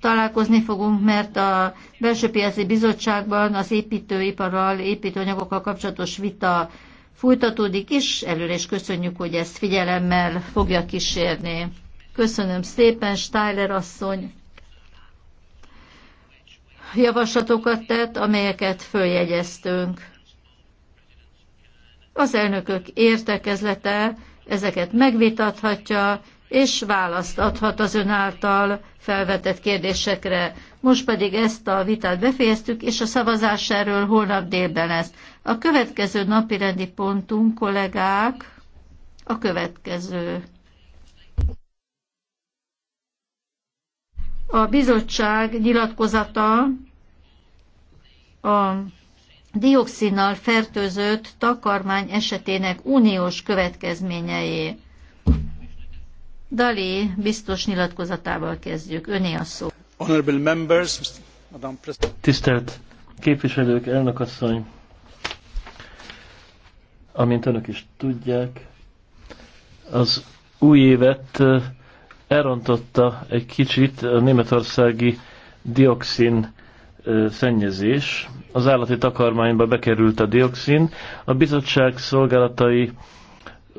találkozni fogunk, mert a belső piaci bizottságban az építőiparral, építőanyagokkal kapcsolatos vita folytatódik, is. előre is köszönjük, hogy ezt figyelemmel fogja kísérni. Köszönöm szépen, Steiler asszony javaslatokat tett, amelyeket följegyeztünk. Az elnökök értekezlete ezeket megvitathatja, és választ adhat az ön által felvetett kérdésekre. Most pedig ezt a vitát befejeztük, és a szavazás erről holnap délben lesz. A következő napi rendi pontunk, kollégák, a következő. A bizottság nyilatkozata a dioxinnal fertőzött takarmány esetének uniós következményei. Dali biztos nyilatkozatával kezdjük. Öné a szó. Honorable members, Madame President. Tisztelt képviselők, elnökasszony, amint önök is tudják, az új évet elrontotta egy kicsit a németországi dioxin szennyezés. Az állati takarmányba bekerült a dioxin. A bizottság szolgálatai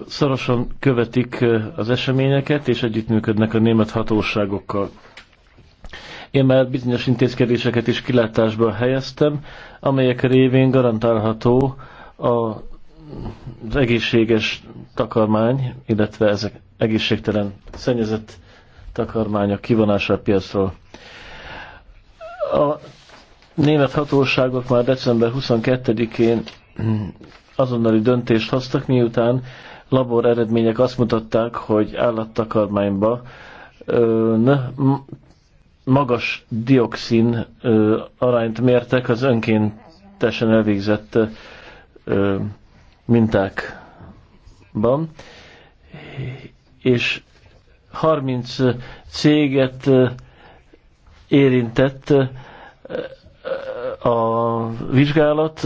szorosan követik az eseményeket, és együttműködnek a német hatóságokkal. Én már bizonyos intézkedéseket is kilátásba helyeztem, amelyek révén garantálható a, az egészséges takarmány, illetve ezek egészségtelen szennyezett takarmányok kivonása a piacról. A német hatóságok már december 22-én azonnali döntést hoztak, miután labor eredmények azt mutatták, hogy állattakarmányba magas dioxin arányt mértek az önkéntesen elvégzett mintákban, és 30 céget érintett a vizsgálat,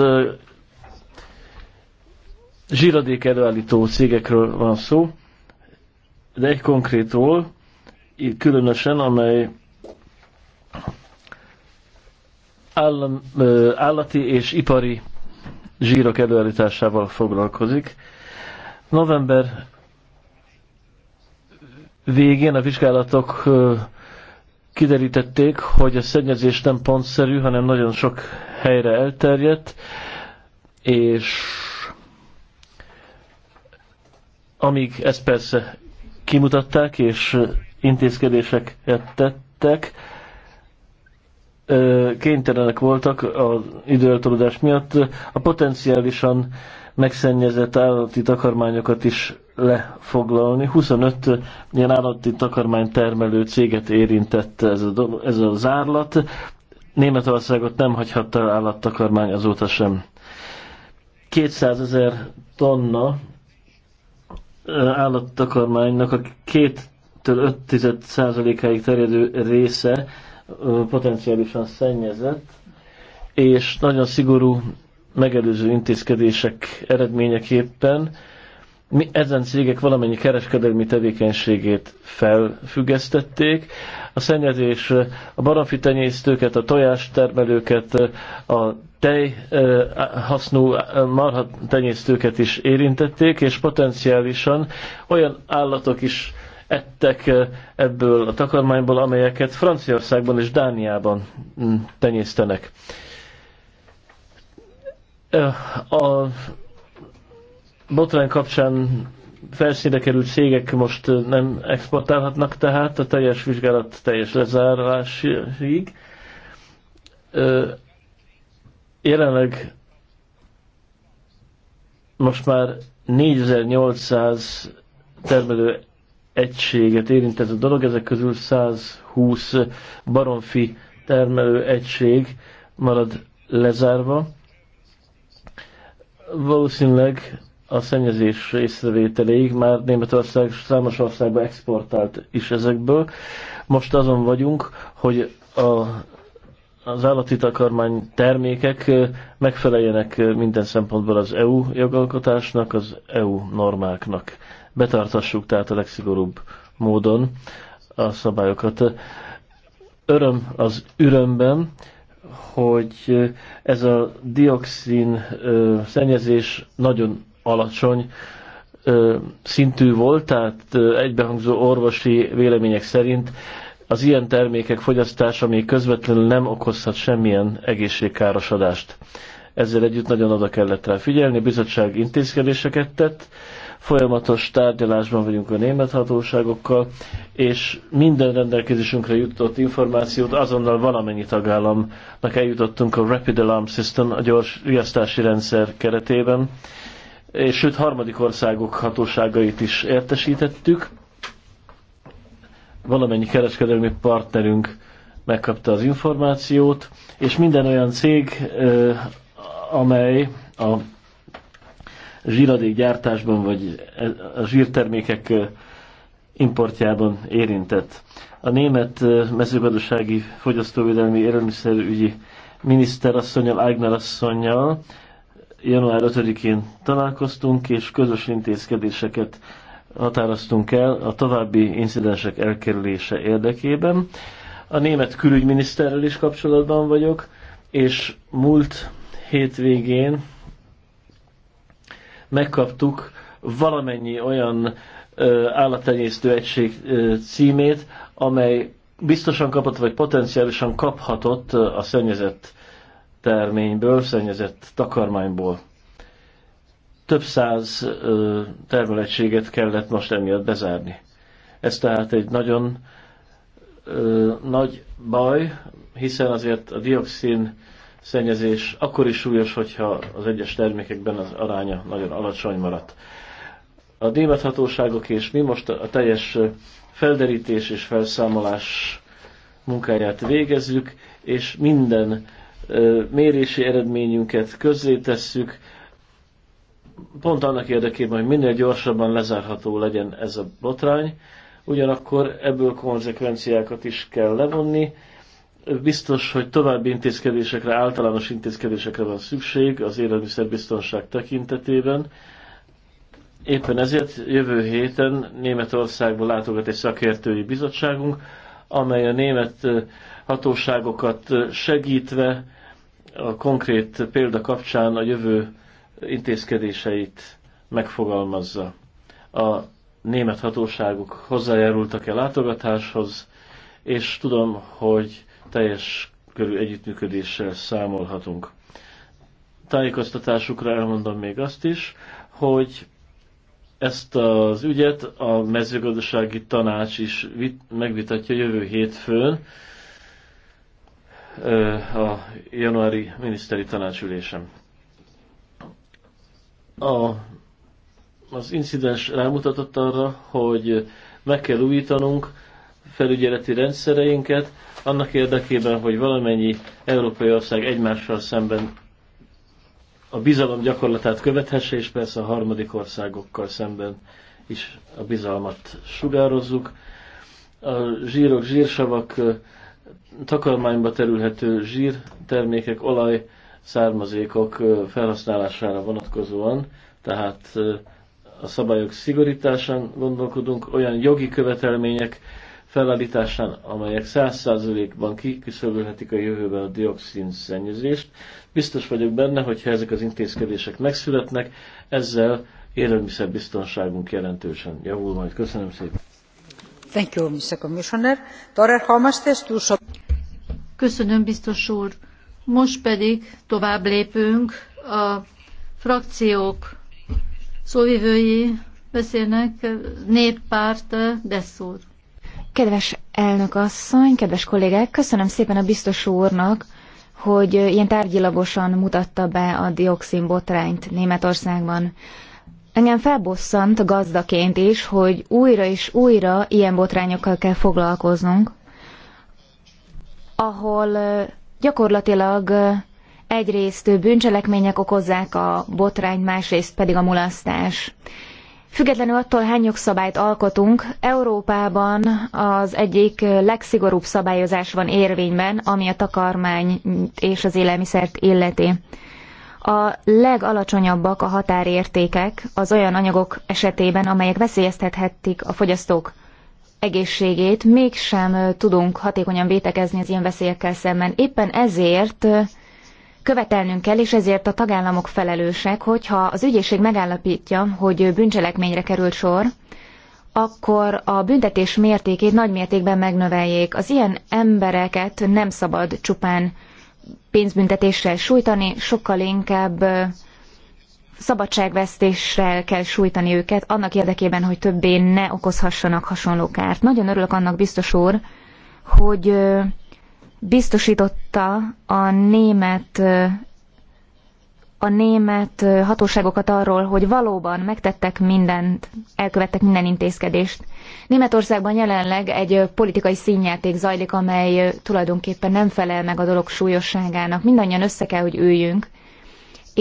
zsíradék előállító cégekről van szó, de egy konkrétról, különösen, amely állam, állati és ipari zsírok előállításával foglalkozik. November végén a vizsgálatok kiderítették, hogy a szennyezés nem pontszerű, hanem nagyon sok helyre elterjedt, és amíg ezt persze kimutatták és intézkedéseket tettek, kénytelenek voltak az időeltolódás miatt a potenciálisan megszennyezett állati takarmányokat is lefoglalni. 25 ilyen állati termelő céget érintett ez a, dolog, ez a zárlat. Németországot nem hagyhatta állattakarmány azóta sem. 200 ezer tonna állattakarmánynak a 2-től 5%-áig terjedő része potenciálisan szennyezett, és nagyon szigorú megelőző intézkedések eredményeképpen mi ezen cégek valamennyi kereskedelmi tevékenységét felfüggesztették. A szennyezés a baromfitenyésztőket, a tojástermelőket, a tej hasznú marha tenyésztőket is érintették, és potenciálisan olyan állatok is ettek ebből a takarmányból, amelyeket Franciaországban és Dániában mm, tenyésztenek. A botrány kapcsán felszínre került cégek most nem exportálhatnak tehát, a teljes vizsgálat teljes lezárásig Jelenleg most már 4800 termelő egységet érintett a dolog, ezek közül 120 baromfi termelő egység marad lezárva. Valószínűleg a szennyezés észrevételéig már Németország számos országba exportált is ezekből. Most azon vagyunk, hogy a az állati takarmány termékek megfeleljenek minden szempontból az EU jogalkotásnak, az EU normáknak. Betartassuk tehát a legszigorúbb módon a szabályokat. Öröm az ürömben, hogy ez a dioxin szennyezés nagyon alacsony szintű volt, tehát egybehangzó orvosi vélemények szerint az ilyen termékek fogyasztása még közvetlenül nem okozhat semmilyen egészségkárosodást. Ezzel együtt nagyon oda kellett rá figyelni, a bizottság intézkedéseket tett, folyamatos tárgyalásban vagyunk a német hatóságokkal, és minden rendelkezésünkre jutott információt azonnal valamennyi tagállamnak eljutottunk a Rapid Alarm System, a gyors riasztási rendszer keretében, és sőt harmadik országok hatóságait is értesítettük, valamennyi kereskedelmi partnerünk megkapta az információt, és minden olyan cég, amely a gyártásban vagy e, a zsírtermékek importjában érintett. A német mezőgazdasági fogyasztóvédelmi élelmiszerügyi asszonyal Ágner asszonyjal január 5-én találkoztunk, és közös intézkedéseket határoztunk el a további incidensek elkerülése érdekében. A német külügyminiszterrel is kapcsolatban vagyok, és múlt hétvégén megkaptuk valamennyi olyan állattenyésztő egység címét, amely biztosan kapott, vagy potenciálisan kaphatott a szennyezett terményből, szennyezett takarmányból több száz termelettséget kellett most emiatt bezárni. Ez tehát egy nagyon ö, nagy baj, hiszen azért a dioxin szennyezés akkor is súlyos, hogyha az egyes termékekben az aránya nagyon alacsony maradt. A némethatóságok és mi most a teljes felderítés és felszámolás munkáját végezzük, és minden ö, mérési eredményünket közzétesszük, pont annak érdekében, hogy minél gyorsabban lezárható legyen ez a botrány, ugyanakkor ebből konzekvenciákat is kell levonni. Biztos, hogy további intézkedésekre, általános intézkedésekre van szükség az élelmiszerbiztonság tekintetében. Éppen ezért jövő héten Németországból látogat egy szakértői bizottságunk, amely a német hatóságokat segítve a konkrét példa kapcsán a jövő intézkedéseit megfogalmazza. A német hatóságok hozzájárultak e látogatáshoz, és tudom, hogy teljes körű együttműködéssel számolhatunk. Tájékoztatásukra elmondom még azt is, hogy ezt az ügyet a mezőgazdasági tanács is megvitatja jövő hétfőn a januári miniszteri tanácsülésem. A, az incidens rámutatott arra, hogy meg kell újítanunk felügyeleti rendszereinket, annak érdekében, hogy valamennyi európai ország egymással szemben a bizalom gyakorlatát követhesse, és persze a harmadik országokkal szemben is a bizalmat sugározzuk. A zsírok, zsírsavak, takarmányba terülhető zsírtermékek, olaj származékok felhasználására vonatkozóan, tehát a szabályok szigorításán gondolkodunk, olyan jogi követelmények felállításán, amelyek 100 százalékban kiküszöbölhetik a jövőben a dioxin szennyezést. Biztos vagyok benne, hogy ha ezek az intézkedések megszületnek, ezzel élelmiszerbiztonságunk jelentősen javul majd. Köszönöm szépen. Thank you, Mr. Commissioner. Köszönöm, biztos úr. Most pedig tovább lépünk, a frakciók szóvivői beszélnek, néppárt, Dessúr. Kedves elnök asszony, kedves kollégák, köszönöm szépen a biztos úrnak, hogy ilyen tárgyilagosan mutatta be a dioxin botrányt Németországban. Engem felbosszant gazdaként is, hogy újra és újra ilyen botrányokkal kell foglalkoznunk, ahol Gyakorlatilag egyrészt bűncselekmények okozzák a botrány, másrészt pedig a mulasztás. Függetlenül attól, hány jogszabályt alkotunk, Európában az egyik legszigorúbb szabályozás van érvényben, ami a takarmány és az élelmiszert illeti. A legalacsonyabbak a határértékek az olyan anyagok esetében, amelyek veszélyeztethetik a fogyasztók egészségét, mégsem tudunk hatékonyan vétekezni az ilyen veszélyekkel szemben. Éppen ezért követelnünk kell, és ezért a tagállamok felelősek, hogyha az ügyészség megállapítja, hogy bűncselekményre került sor, akkor a büntetés mértékét nagy mértékben megnöveljék. Az ilyen embereket nem szabad csupán pénzbüntetéssel sújtani, sokkal inkább szabadságvesztéssel kell sújtani őket, annak érdekében, hogy többé ne okozhassanak hasonló kárt. Nagyon örülök annak, biztos úr, hogy biztosította a német a német hatóságokat arról, hogy valóban megtettek mindent, elkövettek minden intézkedést. Németországban jelenleg egy politikai színjáték zajlik, amely tulajdonképpen nem felel meg a dolog súlyosságának. Mindannyian össze kell, hogy üljünk,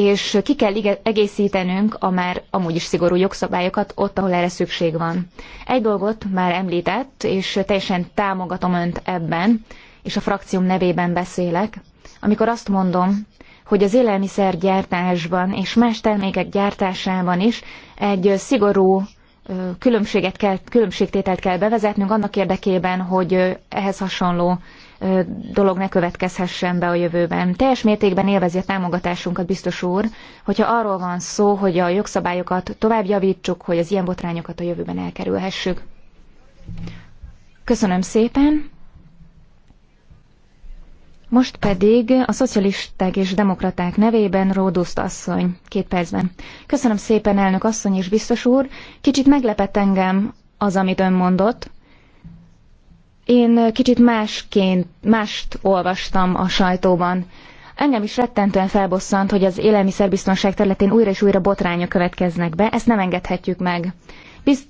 és ki kell egészítenünk a már amúgy is szigorú jogszabályokat ott, ahol erre szükség van. Egy dolgot már említett, és teljesen támogatom Önt ebben, és a frakcióm nevében beszélek, amikor azt mondom, hogy az élelmiszergyártásban és más termékek gyártásában is egy szigorú különbséget kell, különbségtételt kell bevezetnünk annak érdekében, hogy ehhez hasonló dolog ne következhessen be a jövőben. Teljes mértékben élvezi a támogatásunkat, biztos úr, hogyha arról van szó, hogy a jogszabályokat tovább javítsuk, hogy az ilyen botrányokat a jövőben elkerülhessük. Köszönöm szépen! Most pedig a szocialisták és demokraták nevében Róduszt asszony, két percben. Köszönöm szépen, elnök asszony és biztos úr. Kicsit meglepett engem az, amit ön mondott. Én eh, kicsit másként, mást olvastam a sajtóban. Engem is rettentően felbosszant, hogy az élelmiszerbiztonság területén újra és újra botrányok következnek be, ezt nem engedhetjük meg. Bizt,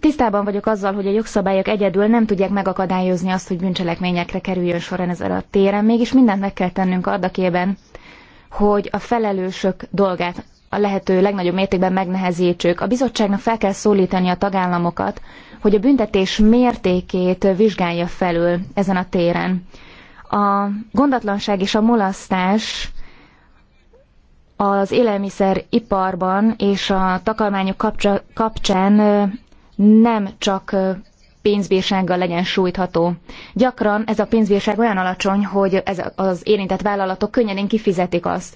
tisztában vagyok azzal, hogy a jogszabályok egyedül nem tudják megakadályozni azt, hogy bűncselekményekre kerüljön soron ezen a téren, mégis mindent meg kell tennünk adakében, hogy a felelősök dolgát a lehető legnagyobb mértékben megnehezítsük. A bizottságnak fel kell szólítani a tagállamokat, hogy a büntetés mértékét vizsgálja felül ezen a téren. A gondatlanság és a molasztás az élelmiszeriparban és a takarmányok kapcsán nem csak pénzbírsággal legyen sújtható. Gyakran ez a pénzbírság olyan alacsony, hogy ez az érintett vállalatok könnyedén kifizetik azt.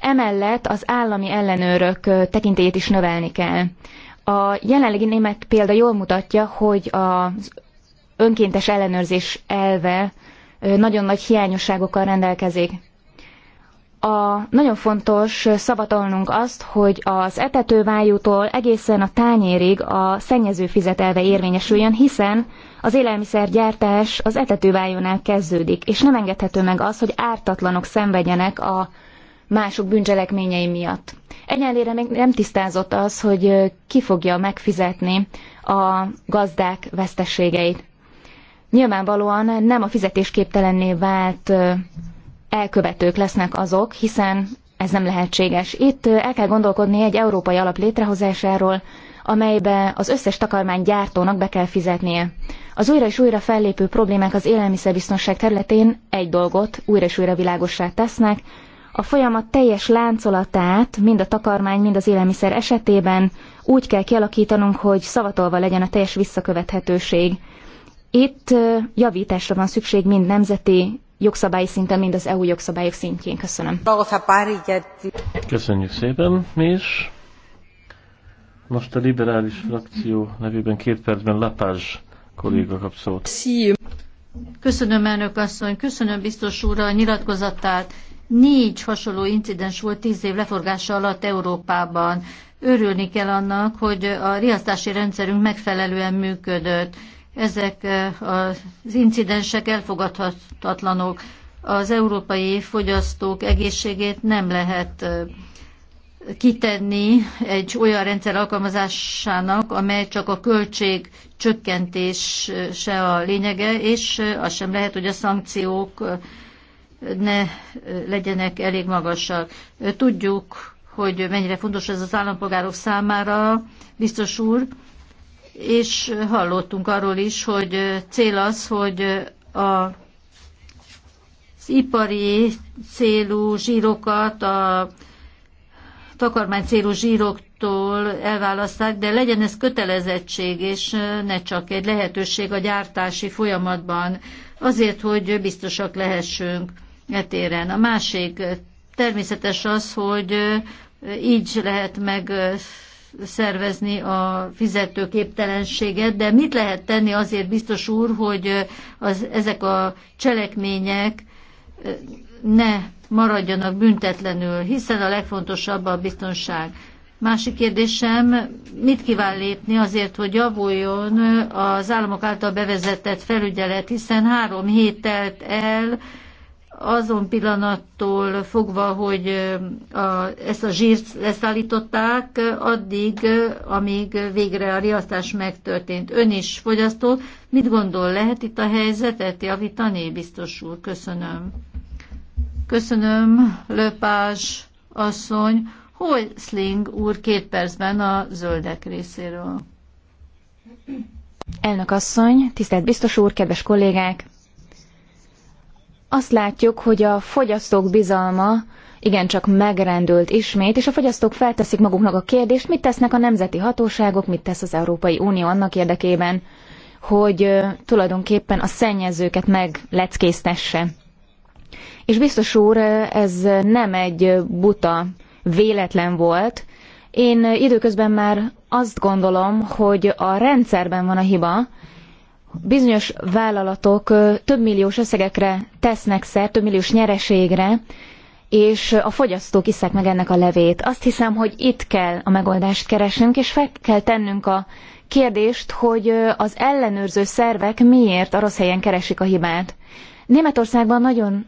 Emellett az állami ellenőrök tekintélyét is növelni kell. A jelenlegi német példa jól mutatja, hogy az önkéntes ellenőrzés elve nagyon nagy hiányosságokkal rendelkezik. A, nagyon fontos szavatolnunk azt, hogy az etetővájútól egészen a tányérig a szennyező fizetelve érvényesüljön, hiszen az élelmiszergyártás az etetővájónál kezdődik, és nem engedhető meg az, hogy ártatlanok szenvedjenek a mások bűncselekményei miatt. Egyenlőre még nem tisztázott az, hogy ki fogja megfizetni a gazdák veszteségeit. Nyilvánvalóan nem a fizetésképtelenné vált elkövetők lesznek azok, hiszen ez nem lehetséges. Itt el kell gondolkodni egy európai alap létrehozásáról, amelybe az összes gyártónak be kell fizetnie. Az újra és újra fellépő problémák az élelmiszerbiztonság területén egy dolgot újra és újra világossá tesznek, a folyamat teljes láncolatát, mind a takarmány, mind az élelmiszer esetében úgy kell kialakítanunk, hogy szavatolva legyen a teljes visszakövethetőség. Itt javításra van szükség mind nemzeti jogszabályi szinten, mind az EU jogszabályok szintjén. Köszönöm. Köszönjük szépen, mi is. Most a liberális frakció nevében két percben Lapázs kolléga kap szót. Köszönöm, elnök asszony, köszönöm biztos úr a nyilatkozatát. Négy hasonló incidens volt tíz év leforgása alatt Európában. Örülni kell annak, hogy a riasztási rendszerünk megfelelően működött. Ezek eh, az incidensek elfogadhatatlanok. Az európai fogyasztók egészségét nem lehet eh, kitenni egy olyan rendszer alkalmazásának, amely csak a költség csökkentése a lényege, és eh, az sem lehet, hogy a szankciók ne legyenek elég magasak. Tudjuk, hogy mennyire fontos ez az állampolgárok számára, biztos úr, és hallottunk arról is, hogy cél az, hogy a az ipari célú zsírokat a takarmány célú zsíroktól elválaszták, de legyen ez kötelezettség, és ne csak egy lehetőség a gyártási folyamatban, azért, hogy biztosak lehessünk etéren. A másik természetes az, hogy így lehet meg szervezni a fizetőképtelenséget, de mit lehet tenni azért, biztos úr, hogy az, ezek a cselekmények ne maradjanak büntetlenül, hiszen a legfontosabb a biztonság. Másik kérdésem, mit kíván lépni azért, hogy javuljon az államok által bevezetett felügyelet, hiszen három hét telt el, azon pillanattól fogva, hogy a, ezt a zsírt leszállították, addig, amíg végre a riasztás megtörtént. Ön is fogyasztó. Mit gondol, lehet itt a helyzetet javítani? Biztos úr, köszönöm. Köszönöm, Löpás asszony. Hol Sling úr két percben a zöldek részéről? Elnök asszony, tisztelt biztos úr, kedves kollégák! azt látjuk, hogy a fogyasztók bizalma igencsak megrendült ismét, és a fogyasztók felteszik maguknak a kérdést, mit tesznek a nemzeti hatóságok, mit tesz az Európai Unió annak érdekében, hogy tulajdonképpen a szennyezőket megleckésztesse. És biztos úr, ez nem egy buta véletlen volt. Én időközben már azt gondolom, hogy a rendszerben van a hiba, bizonyos vállalatok több milliós összegekre tesznek szert, több milliós nyereségre, és a fogyasztók iszák meg ennek a levét. Azt hiszem, hogy itt kell a megoldást keresnünk, és fel kell tennünk a kérdést, hogy az ellenőrző szervek miért a rossz helyen keresik a hibát. Németországban nagyon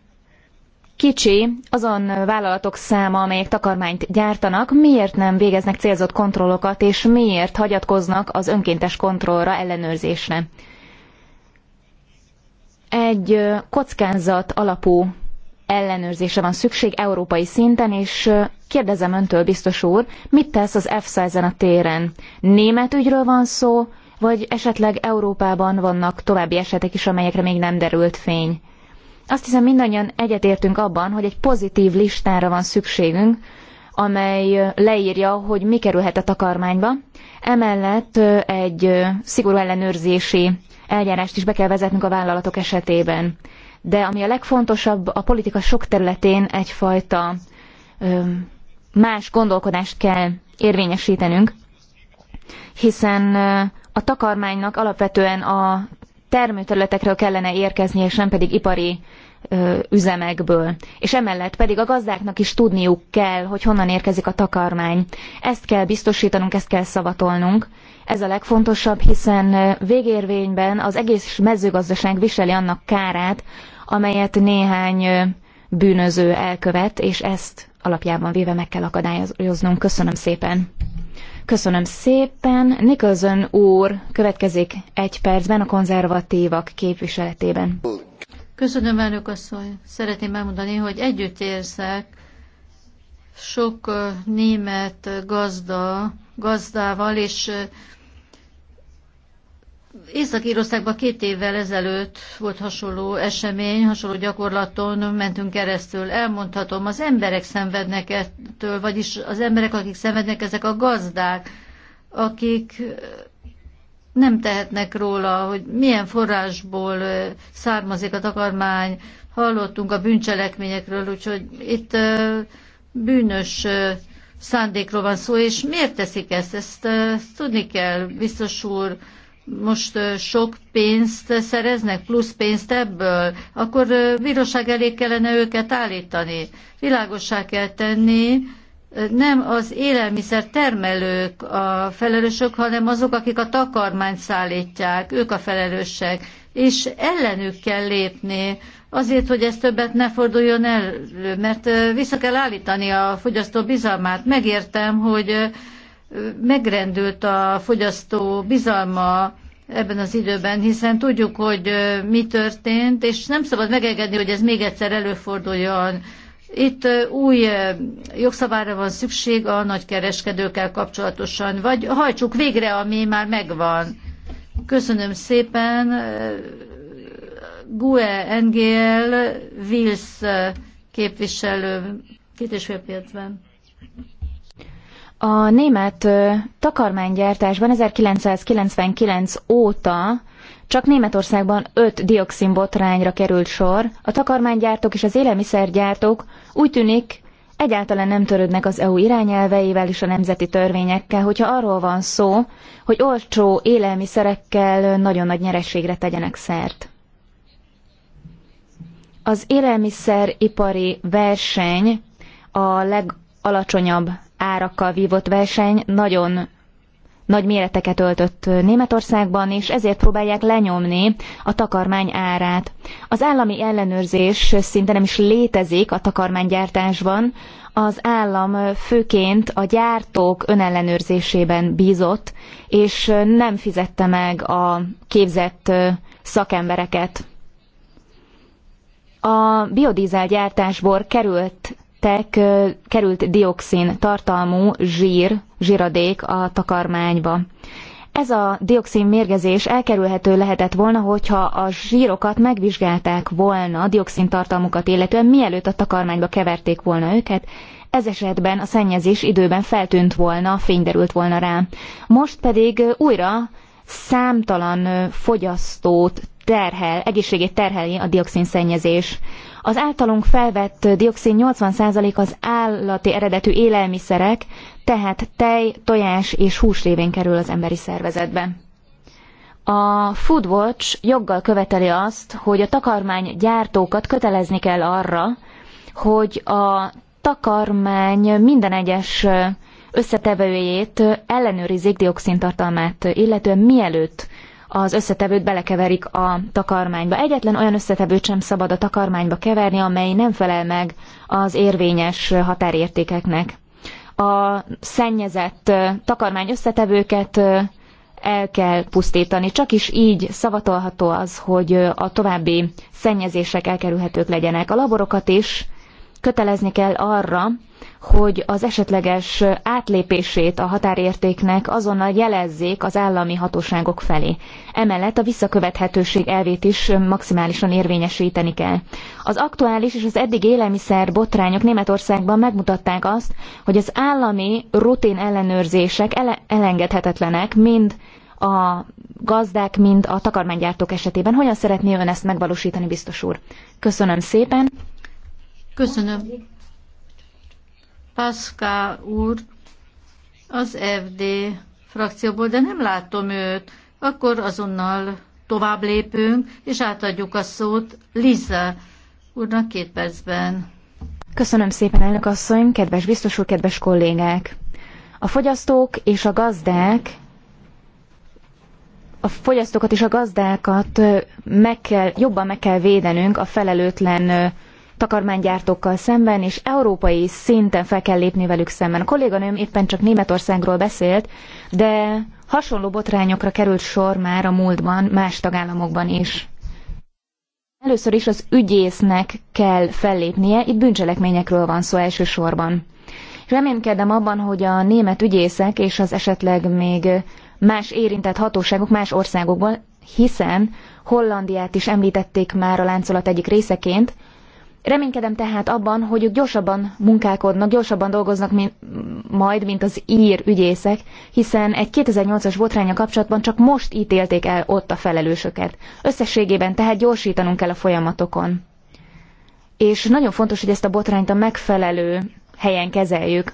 kicsi azon vállalatok száma, amelyek takarmányt gyártanak, miért nem végeznek célzott kontrollokat, és miért hagyatkoznak az önkéntes kontrollra, ellenőrzésre egy kockázat alapú ellenőrzése van szükség európai szinten, és kérdezem öntől, biztos úr, mit tesz az EFSA ezen a téren? Német ügyről van szó, vagy esetleg Európában vannak további esetek is, amelyekre még nem derült fény? Azt hiszem mindannyian egyetértünk abban, hogy egy pozitív listára van szükségünk, amely leírja, hogy mi kerülhet a takarmányba. Emellett egy szigorú ellenőrzési eljárást is be kell vezetnünk a vállalatok esetében. De ami a legfontosabb, a politika sok területén egyfajta más gondolkodást kell érvényesítenünk, hiszen a takarmánynak alapvetően a termőterületekről kellene érkeznie, és nem pedig ipari üzemekből. És emellett pedig a gazdáknak is tudniuk kell, hogy honnan érkezik a takarmány. Ezt kell biztosítanunk, ezt kell szavatolnunk. Ez a legfontosabb, hiszen végérvényben az egész mezőgazdaság viseli annak kárát, amelyet néhány bűnöző elkövet, és ezt alapjában véve meg kell akadályoznunk. Köszönöm szépen! Köszönöm szépen. Nicholson úr következik egy percben a konzervatívak képviseletében. Köszönöm, elnök asszony. Szeretném elmondani, hogy együtt érzek sok német gazda, gazdával, és Észak-Írországban két évvel ezelőtt volt hasonló esemény, hasonló gyakorlaton mentünk keresztül. Elmondhatom, az emberek szenvednek ettől, vagyis az emberek, akik szenvednek, ezek a gazdák, akik nem tehetnek róla, hogy milyen forrásból származik a takarmány. Hallottunk a bűncselekményekről, úgyhogy itt bűnös szándékról van szó, és miért teszik ezt? Ezt tudni kell, biztos úr, most sok pénzt szereznek, plusz pénzt ebből, akkor bíróság elé kellene őket állítani. Világossá kell tenni, nem az élelmiszer termelők a felelősök, hanem azok, akik a takarmányt szállítják, ők a felelősek, és ellenük kell lépni azért, hogy ez többet ne forduljon elő, mert vissza kell állítani a fogyasztó bizalmát. Megértem, hogy megrendült a fogyasztó bizalma ebben az időben, hiszen tudjuk, hogy mi történt, és nem szabad megengedni, hogy ez még egyszer előforduljon itt új jogszabályra van szükség a nagykereskedőkkel kapcsolatosan, vagy hajtsuk végre, ami már megvan. Köszönöm szépen. GUE NGL Wills képviselő két és fél percben. A német takarmánygyártásban 1999 óta csak Németországban öt botrányra került sor, a takarmánygyártók és az élelmiszergyártók úgy tűnik egyáltalán nem törődnek az EU irányelveivel és a nemzeti törvényekkel, hogyha arról van szó, hogy olcsó élelmiszerekkel nagyon nagy nyereségre tegyenek szert. Az élelmiszeripari verseny a legalacsonyabb árakkal vívott verseny nagyon nagy méreteket öltött Németországban, és ezért próbálják lenyomni a takarmány árát. Az állami ellenőrzés szinte nem is létezik a takarmánygyártásban, az állam főként a gyártók önellenőrzésében bízott, és nem fizette meg a képzett szakembereket. A biodízel gyártásból került tek került dioxin tartalmú zsír, zsíradék a takarmányba. Ez a dioxin mérgezés elkerülhető lehetett volna, hogyha a zsírokat megvizsgálták volna a dioxin tartalmukat illetően, mielőtt a takarmányba keverték volna őket, ez esetben a szennyezés időben feltűnt volna, fényderült volna rá. Most pedig újra számtalan fogyasztót terhel, egészségét terheli a dioxin szennyezés. Az általunk felvett dioxin 80% az állati eredetű élelmiszerek, tehát tej, tojás és hús révén kerül az emberi szervezetbe. A Foodwatch joggal követeli azt, hogy a takarmány gyártókat kötelezni kell arra, hogy a takarmány minden egyes összetevőjét ellenőrizzék dioxintartalmát, illetően mielőtt az összetevőt belekeverik a takarmányba. Egyetlen olyan összetevőt sem szabad a takarmányba keverni, amely nem felel meg az érvényes határértékeknek. A szennyezett takarmány összetevőket el kell pusztítani. Csak is így szavatolható az, hogy a további szennyezések elkerülhetők legyenek. A laborokat is kötelezni kell arra, hogy az esetleges átlépését a határértéknek azonnal jelezzék az állami hatóságok felé. Emellett a visszakövethetőség elvét is maximálisan érvényesíteni kell. Az aktuális és az eddig élelmiszer botrányok Németországban megmutatták azt, hogy az állami rutin ellenőrzések ele- elengedhetetlenek, mind a gazdák, mind a takarmánygyártók esetében. Hogyan szeretné ön ezt megvalósítani, biztos úr? Köszönöm szépen! Köszönöm. Pascal úr az FD frakcióból, de nem látom őt. Akkor azonnal tovább lépünk, és átadjuk a szót Liza úrnak két percben. Köszönöm szépen, elnök asszony, kedves biztos úr, kedves kollégák! A fogyasztók és a gazdák a fogyasztókat és a gazdákat meg kell, jobban meg kell védenünk a felelőtlen takarmánygyártókkal szemben, és európai szinten fel kell lépni velük szemben. A kolléganőm éppen csak Németországról beszélt, de hasonló botrányokra került sor már a múltban más tagállamokban is. Először is az ügyésznek kell fellépnie, itt bűncselekményekről van szó elsősorban. Reménykedem abban, hogy a német ügyészek és az esetleg még más érintett hatóságok más országokban, hiszen Hollandiát is említették már a láncolat egyik részeként, Reménykedem tehát abban, hogy ők gyorsabban munkálkodnak, gyorsabban dolgoznak mint, majd, mint az ír ügyészek, hiszen egy 2008-as botránya kapcsolatban csak most ítélték el ott a felelősöket. Összességében tehát gyorsítanunk kell a folyamatokon. És nagyon fontos, hogy ezt a botrányt a megfelelő helyen kezeljük.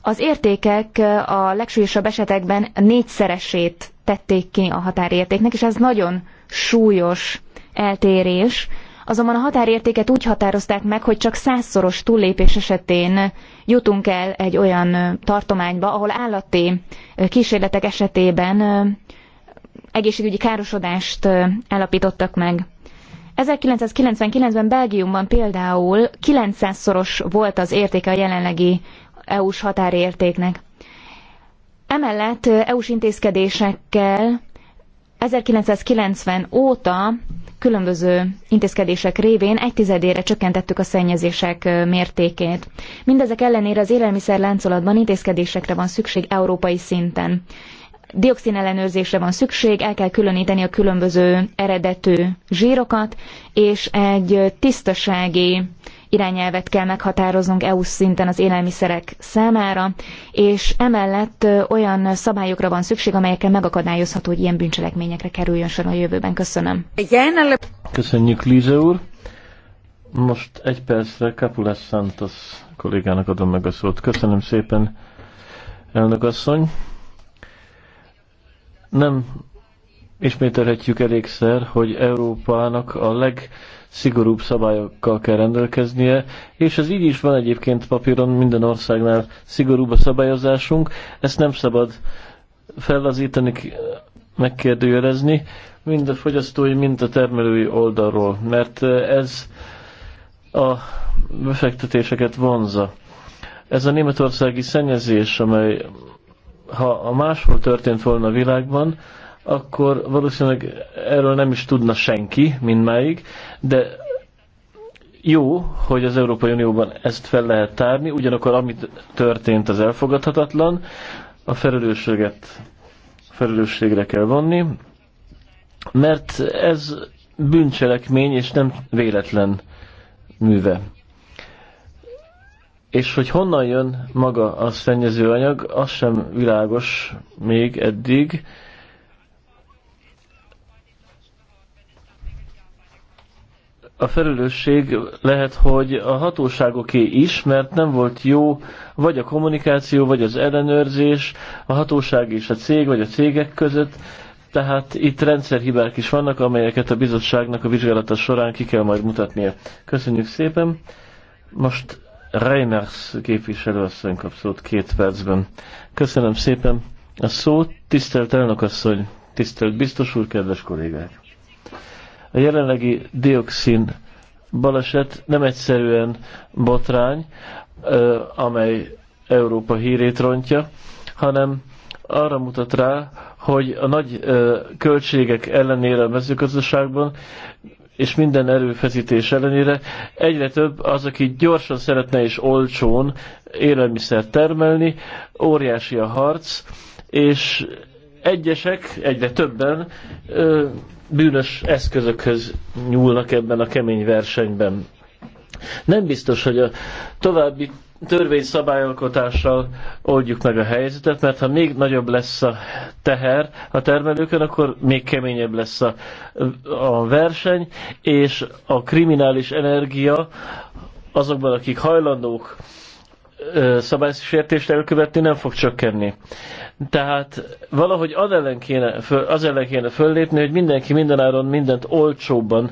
Az értékek a legsúlyosabb esetekben négyszeresét tették ki a határértéknek, és ez nagyon súlyos eltérés, Azonban a határértéket úgy határozták meg, hogy csak százszoros túllépés esetén jutunk el egy olyan tartományba, ahol állati kísérletek esetében egészségügyi károsodást állapítottak meg. 1999-ben Belgiumban például 900-szoros volt az értéke a jelenlegi EU-s határértéknek. Emellett EU-s intézkedésekkel 1990 óta különböző intézkedések révén egy tizedére csökkentettük a szennyezések mértékét. Mindezek ellenére az láncolatban intézkedésekre van szükség európai szinten. Dioxin ellenőrzésre van szükség, el kell különíteni a különböző eredetű zsírokat, és egy tisztasági irányelvet kell meghatároznunk EU szinten az élelmiszerek számára, és emellett olyan szabályokra van szükség, amelyekkel megakadályozható, hogy ilyen bűncselekményekre kerüljön sor a jövőben. Köszönöm. Köszönjük, Líze úr. Most egy percre Capulás Santos kollégának adom meg a szót. Köszönöm szépen, elnök asszony. Nem ismételhetjük elégszer, hogy Európának a leg szigorúbb szabályokkal kell rendelkeznie, és ez így is van egyébként papíron, minden országnál szigorúbb a szabályozásunk, ezt nem szabad fellazítani, megkérdőjelezni, mind a fogyasztói, mind a termelői oldalról, mert ez a befektetéseket vonza. Ez a németországi szennyezés, amely ha a máshol történt volna a világban, akkor valószínűleg erről nem is tudna senki máig, de jó, hogy az Európai Unióban ezt fel lehet tárni, ugyanakkor amit történt az elfogadhatatlan, a felelősséget felelősségre kell vonni, mert ez bűncselekmény és nem véletlen műve. És hogy honnan jön maga a szennyező anyag, az sem világos még eddig, a felelősség lehet, hogy a hatóságoké is, mert nem volt jó vagy a kommunikáció, vagy az ellenőrzés, a hatóság és a cég, vagy a cégek között. Tehát itt rendszerhibák is vannak, amelyeket a bizottságnak a vizsgálata során ki kell majd mutatnia. Köszönjük szépen. Most Reimers képviselőasszony kap szót két percben. Köszönöm szépen a szót, tisztelt elnökasszony, tisztelt biztos úr, kedves kollégák! A jelenlegi dioxin baleset nem egyszerűen botrány, amely Európa hírét rontja, hanem arra mutat rá, hogy a nagy költségek ellenére a mezőgazdaságban és minden erőfeszítés ellenére egyre több az, aki gyorsan szeretne és olcsón élelmiszer termelni, óriási a harc, és egyesek, egyre többen bűnös eszközökhöz nyúlnak ebben a kemény versenyben. Nem biztos, hogy a további szabályalkotással oldjuk meg a helyzetet, mert ha még nagyobb lesz a teher a termelőkön, akkor még keményebb lesz a, a verseny, és a kriminális energia azokban, akik hajlandók szabálysértést elkövetni nem fog csökkenni. Tehát valahogy az ellen kéne, föl, az ellen kéne föllépni, hogy mindenki mindenáron mindent olcsóbban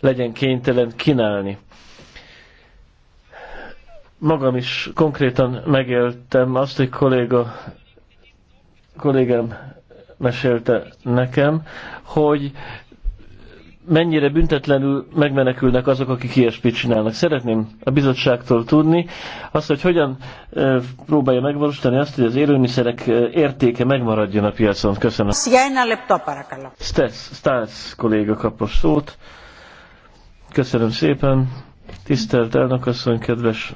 legyen kénytelen kínálni. Magam is konkrétan megéltem azt, hogy kolléga, kollégám mesélte nekem, hogy mennyire büntetlenül megmenekülnek azok, akik ilyesmit csinálnak. Szeretném a bizottságtól tudni azt, hogy hogyan próbálja megvalósítani azt, hogy az élőmiszerek értéke megmaradjon a piacon. Köszönöm. Stesz, Stász kolléga kapos szót. Köszönöm szépen. Tisztelt elnökasszony, kedves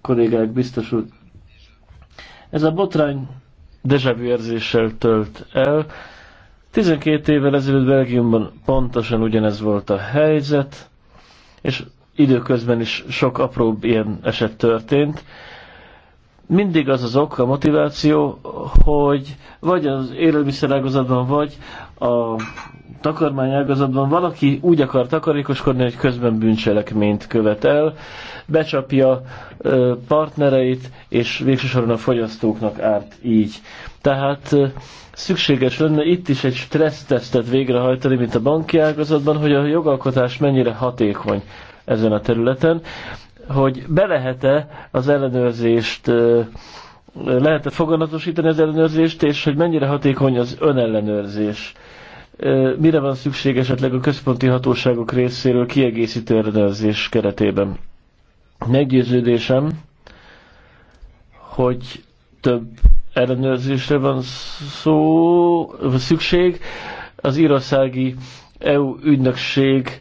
kollégák, biztos úr. Ez a botrány dejavű érzéssel tölt el 12 évvel ezelőtt Belgiumban pontosan ugyanez volt a helyzet, és időközben is sok apróbb ilyen eset történt. Mindig az az ok, a motiváció, hogy vagy az élelmiszerágazatban, vagy a takarmányágazatban valaki úgy akar takarékoskodni, hogy közben bűncselekményt követel, becsapja partnereit, és végsősorban a fogyasztóknak árt így. Tehát szükséges lenne itt is egy stressztesztet végrehajtani, mint a banki ágazatban, hogy a jogalkotás mennyire hatékony ezen a területen, hogy be lehet-e az ellenőrzést lehet-e foganatosítani az ellenőrzést, és hogy mennyire hatékony az önellenőrzés. Mire van szükség esetleg a központi hatóságok részéről kiegészítő ellenőrzés keretében? Meggyőződésem, hogy több ellenőrzésre van szó, szükség. Az írországi EU ügynökség,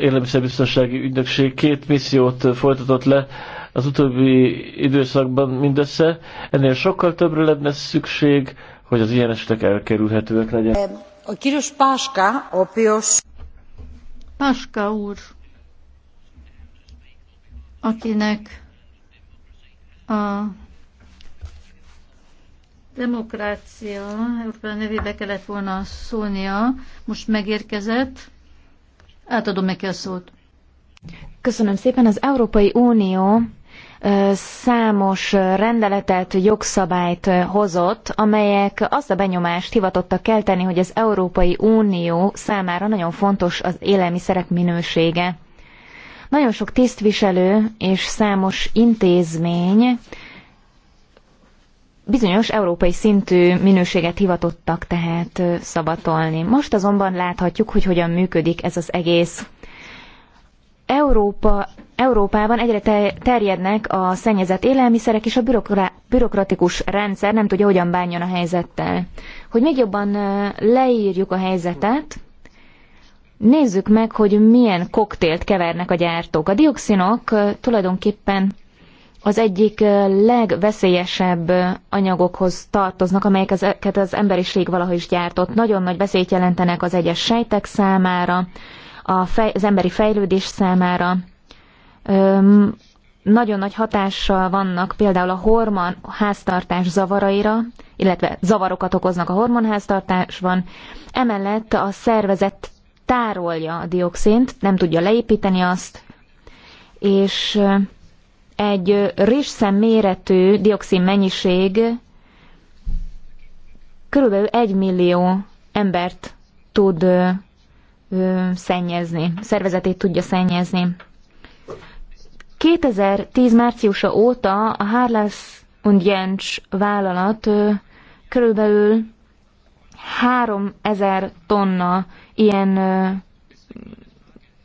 élelmiszerbiztonsági ügynökség két missziót folytatott le az utóbbi időszakban mindössze. Ennél sokkal többre lenne szükség, hogy az ilyen esetek elkerülhetőek legyenek. A kíros Páska, opios... Páska úr, akinek a demokrácia, Európa nevébe kellett volna szólnia, most megérkezett. Átadom neki a szót. Köszönöm szépen. Az Európai Unió számos rendeletet, jogszabályt hozott, amelyek azt a benyomást hivatottak kelteni, hogy az Európai Unió számára nagyon fontos az élelmiszerek minősége. Nagyon sok tisztviselő és számos intézmény Bizonyos európai szintű minőséget hivatottak tehát szabatolni. Most azonban láthatjuk, hogy hogyan működik ez az egész. Európa, Európában egyre terjednek a szennyezett élelmiszerek, és a bürokra, bürokratikus rendszer nem tudja, hogyan bánjon a helyzettel. Hogy még jobban leírjuk a helyzetet, nézzük meg, hogy milyen koktélt kevernek a gyártók. A dioxinok tulajdonképpen az egyik legveszélyesebb anyagokhoz tartoznak, amelyeket az emberiség valaha is gyártott. Nagyon nagy veszélyt jelentenek az egyes sejtek számára, a fej, az emberi fejlődés számára. Öm, nagyon nagy hatással vannak például a hormon háztartás zavaraira, illetve zavarokat okoznak a hormonháztartásban. Emellett a szervezet tárolja a dioxint, nem tudja leépíteni azt, és egy rizszem méretű dioxin mennyiség körülbelül egy millió embert tud ö, ö, szennyezni, szervezetét tudja szennyezni. 2010 márciusa óta a Harlas und Jens vállalat ö, körülbelül 3000 tonna ilyen ö,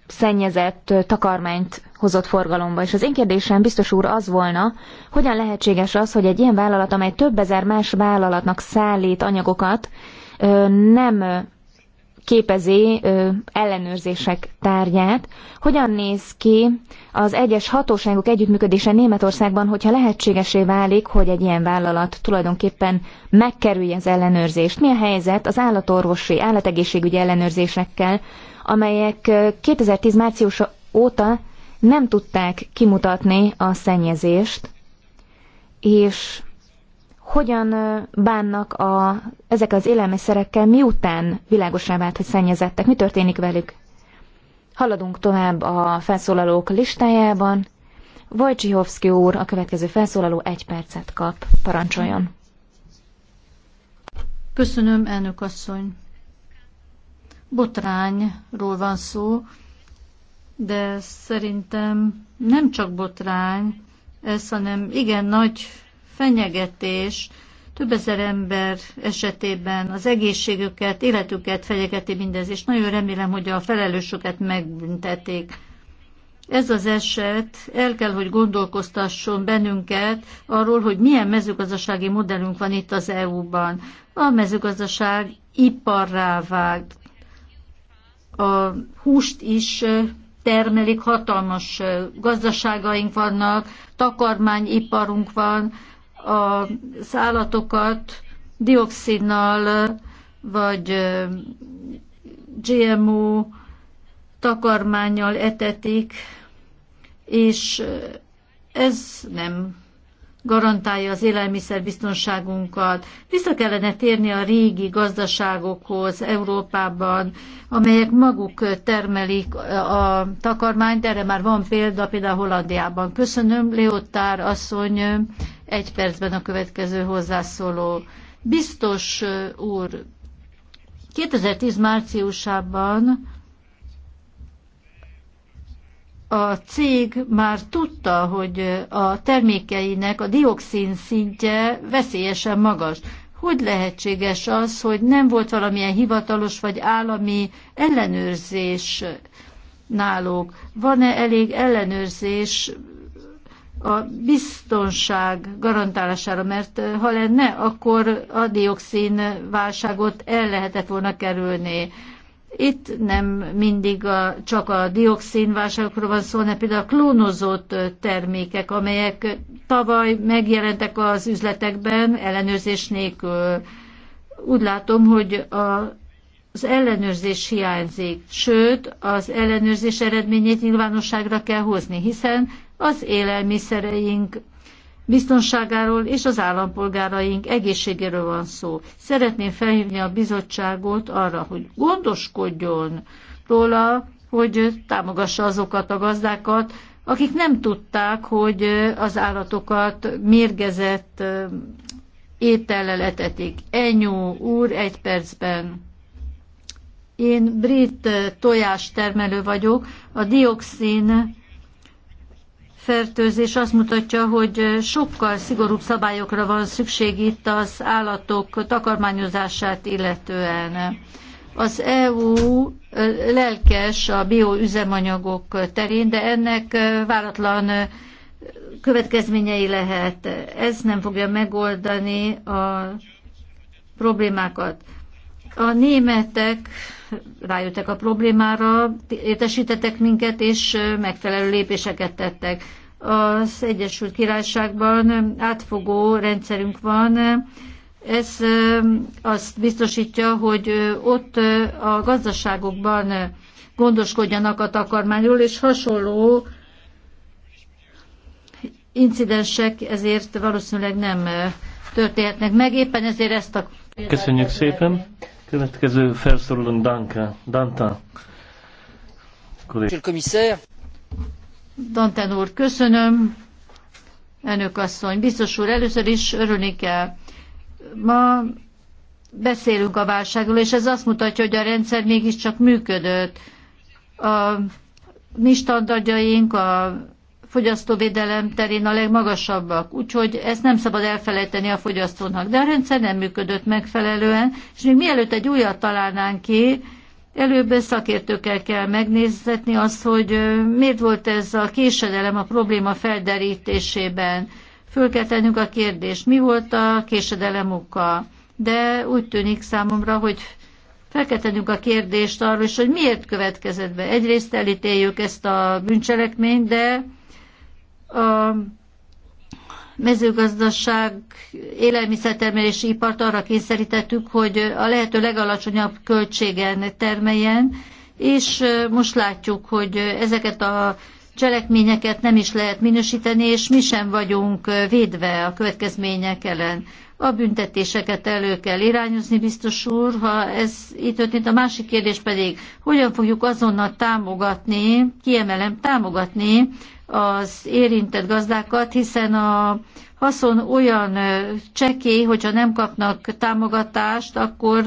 szennyezett takarmányt hozott forgalomba. És az én kérdésem biztos úr az volna, hogyan lehetséges az, hogy egy ilyen vállalat, amely több ezer más vállalatnak szállít anyagokat, nem képezi ellenőrzések tárgyát. Hogyan néz ki az egyes hatóságok együttműködése Németországban, hogyha lehetségesé válik, hogy egy ilyen vállalat tulajdonképpen megkerülje az ellenőrzést? Mi a helyzet az állatorvosi, állategészségügyi ellenőrzésekkel, amelyek 2010 március óta nem tudták kimutatni a szennyezést, és hogyan bánnak a, ezek az élelmiszerekkel, miután világosá vált, hogy szennyezettek, mi történik velük. Haladunk tovább a felszólalók listájában. Wojciechowski úr, a következő felszólaló egy percet kap. Parancsoljon. Köszönöm, elnök asszony botrányról van szó, de szerintem nem csak botrány, ez, hanem igen nagy fenyegetés, több ezer ember esetében az egészségüket, életüket fenyegeti mindez, és nagyon remélem, hogy a felelősöket megbüntetik. Ez az eset el kell, hogy gondolkoztasson bennünket arról, hogy milyen mezőgazdasági modellünk van itt az EU-ban. A mezőgazdaság iparrá vágt, a húst is termelik, hatalmas gazdaságaink vannak, takarmányiparunk van, az állatokat dioxinnal vagy GMO takarmányjal etetik, és ez nem garantálja az élelmiszerbiztonságunkat. Vissza kellene térni a régi gazdaságokhoz Európában, amelyek maguk termelik a takarmányt, erre már van példa, például Hollandiában. Köszönöm, Leotár asszony, egy percben a következő hozzászóló. Biztos úr, 2010 márciusában a cég már tudta, hogy a termékeinek a dioxin szintje veszélyesen magas. Hogy lehetséges az, hogy nem volt valamilyen hivatalos vagy állami ellenőrzés náluk? Van-e elég ellenőrzés a biztonság garantálására, mert ha lenne, akkor a dioxin válságot el lehetett volna kerülni. Itt nem mindig a, csak a dioxinválságokról van szó, hanem például a klónozott termékek, amelyek tavaly megjelentek az üzletekben ellenőrzés nélkül. Úgy látom, hogy a az ellenőrzés hiányzik, sőt, az ellenőrzés eredményét nyilvánosságra kell hozni, hiszen az élelmiszereink biztonságáról és az állampolgáraink egészségéről van szó. Szeretném felhívni a bizottságot arra, hogy gondoskodjon róla, hogy támogassa azokat a gazdákat, akik nem tudták, hogy az állatokat mérgezett étellel etetik. Enyó úr, egy percben. Én brit tojástermelő vagyok, a dioxin fertőzés azt mutatja, hogy sokkal szigorúbb szabályokra van szükség itt az állatok takarmányozását illetően. Az EU lelkes a bioüzemanyagok terén, de ennek váratlan következményei lehet. Ez nem fogja megoldani a problémákat. A németek rájöttek a problémára, értesítettek minket, és megfelelő lépéseket tettek. Az Egyesült Királyságban átfogó rendszerünk van, ez azt biztosítja, hogy ott a gazdaságokban gondoskodjanak a takarmányról, és hasonló incidensek ezért valószínűleg nem történhetnek meg. Éppen ezért ezt a... Köszönjük szépen! Következő felszólalunk Danka. Danta. Danten úr, köszönöm. Önök asszony, biztos úr, először is örülni kell. Ma beszélünk a válságról, és ez azt mutatja, hogy a rendszer mégiscsak működött. A mi standardjaink, a fogyasztóvédelem terén a legmagasabbak, úgyhogy ezt nem szabad elfelejteni a fogyasztónak. De a rendszer nem működött megfelelően, és még mielőtt egy újat találnánk ki, előbb szakértőkkel kell megnézetni azt, hogy miért volt ez a késedelem a probléma felderítésében. Föl kell tennünk a kérdést, mi volt a késedelem oka. De úgy tűnik számomra, hogy fel kell tennünk a kérdést arról is, hogy miért következett be. Egyrészt elítéljük ezt a bűncselekményt, de a mezőgazdaság élelmiszertermelési ipart arra kényszerítettük, hogy a lehető legalacsonyabb költségen termeljen, és most látjuk, hogy ezeket a cselekményeket nem is lehet minősíteni, és mi sem vagyunk védve a következmények ellen. A büntetéseket elő kell irányozni, biztos úr, ha ez így történt. A másik kérdés pedig, hogyan fogjuk azonnal támogatni, kiemelem, támogatni az érintett gazdákat, hiszen a haszon olyan csekély, hogyha nem kapnak támogatást, akkor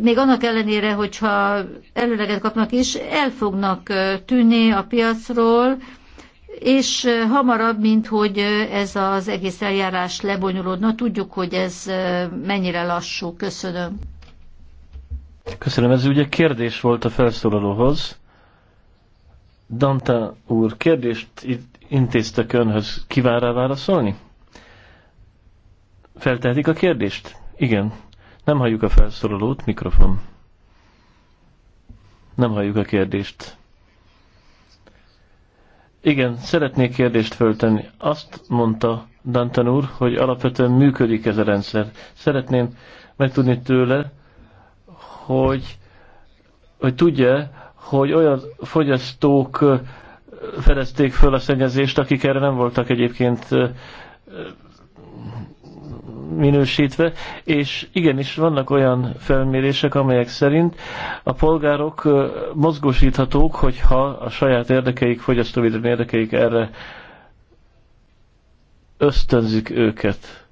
még annak ellenére, hogyha előleget kapnak is, el fognak tűnni a piacról, és hamarabb, mint hogy ez az egész eljárás lebonyolódna. Tudjuk, hogy ez mennyire lassú. Köszönöm. Köszönöm, ez ugye kérdés volt a felszólalóhoz. Danta úr, kérdést intéztek önhöz. Kíván rá válaszolni? Feltehetik a kérdést? Igen. Nem halljuk a felszólalót, mikrofon. Nem halljuk a kérdést. Igen, szeretnék kérdést föltenni. Azt mondta Dantan úr, hogy alapvetően működik ez a rendszer. Szeretném megtudni tőle, hogy, hogy tudja, hogy olyan fogyasztók fedezték föl a szennyezést, akik erre nem voltak egyébként minősítve, és igenis vannak olyan felmérések, amelyek szerint a polgárok mozgósíthatók, hogyha a saját érdekeik, fogyasztóvédelmi érdekeik erre ösztönzik őket.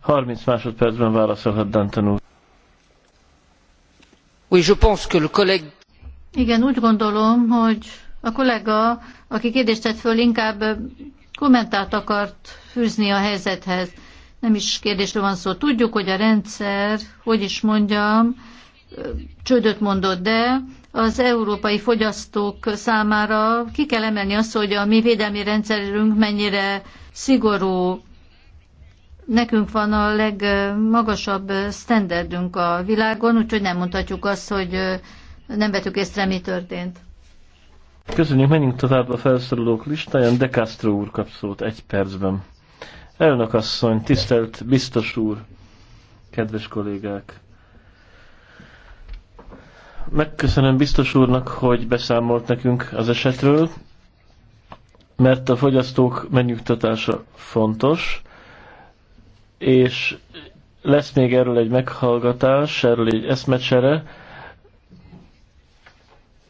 30 másodpercben válaszolhat Dantan úr. Oui, je pense que le collègue... Igen, úgy gondolom, hogy a kollega, aki kérdést tett föl, inkább kommentát akart fűzni a helyzethez nem is kérdésről van szó. Tudjuk, hogy a rendszer, hogy is mondjam, csődöt mondott, de az európai fogyasztók számára ki kell emelni azt, hogy a mi védelmi rendszerünk mennyire szigorú. Nekünk van a legmagasabb standardünk a világon, úgyhogy nem mondhatjuk azt, hogy nem vettük észre, mi történt. Köszönjük, menjünk tovább a felszorulók listáján. De Castro úr kap szót egy percben. Elnök asszony, tisztelt biztos úr, kedves kollégák! Megköszönöm biztos úrnak, hogy beszámolt nekünk az esetről, mert a fogyasztók megnyugtatása fontos, és lesz még erről egy meghallgatás, erről egy eszmecsere,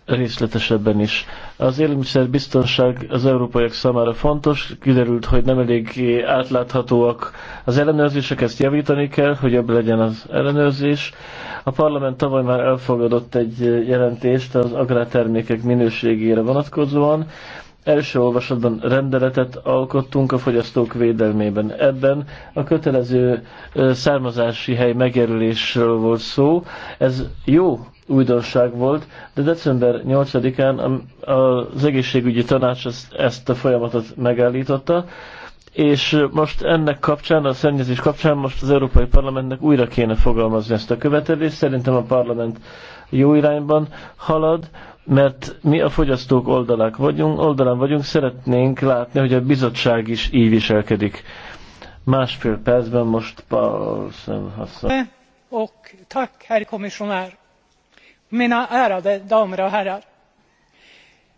részletesebben is. Az élelmiszerbiztonság az európaiak számára fontos, kiderült, hogy nem elég átláthatóak az ellenőrzések, ezt javítani kell, hogy jobb legyen az ellenőrzés. A parlament tavaly már elfogadott egy jelentést az agrártermékek minőségére vonatkozóan, első olvasatban rendeletet alkottunk a fogyasztók védelmében. Ebben a kötelező származási hely megjelölésről volt szó. Ez jó újdonság volt, de december 8-án az egészségügyi tanács ezt a folyamatot megállította, és most ennek kapcsán, a szennyezés kapcsán most az Európai Parlamentnek újra kéne fogalmazni ezt a követelést. Szerintem a parlament jó irányban halad, mert mi a fogyasztók oldalák vagyunk, oldalán vagyunk, szeretnénk látni, hogy a bizottság is így viselkedik. Másfél percben most Paul használ. Och tack, herr kommissionär mina ärade damer och herrar!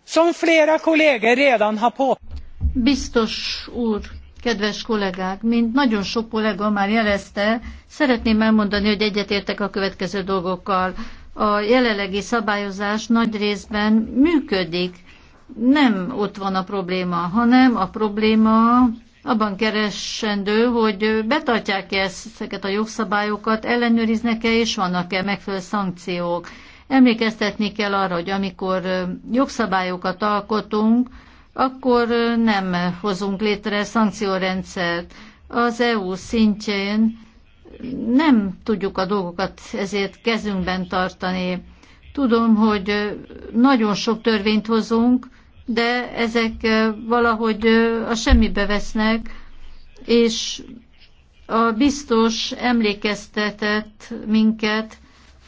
som flera kolleger redan har påpekat Biztos úr, kedves kollégák, mint nagyon sok kollega már jelezte, szeretném elmondani, hogy egyetértek a következő dolgokkal. A jelenlegi szabályozás nagy részben működik. Nem ott van a probléma, hanem a probléma abban keresendő, hogy betartják-e ezeket a jogszabályokat, ellenőriznek-e és vannak-e megfelelő szankciók. Emlékeztetni kell arra, hogy amikor jogszabályokat alkotunk, akkor nem hozunk létre szankciórendszert. Az EU szintjén nem tudjuk a dolgokat ezért kezünkben tartani. Tudom, hogy nagyon sok törvényt hozunk, de ezek valahogy a semmibe vesznek, és a biztos emlékeztetett minket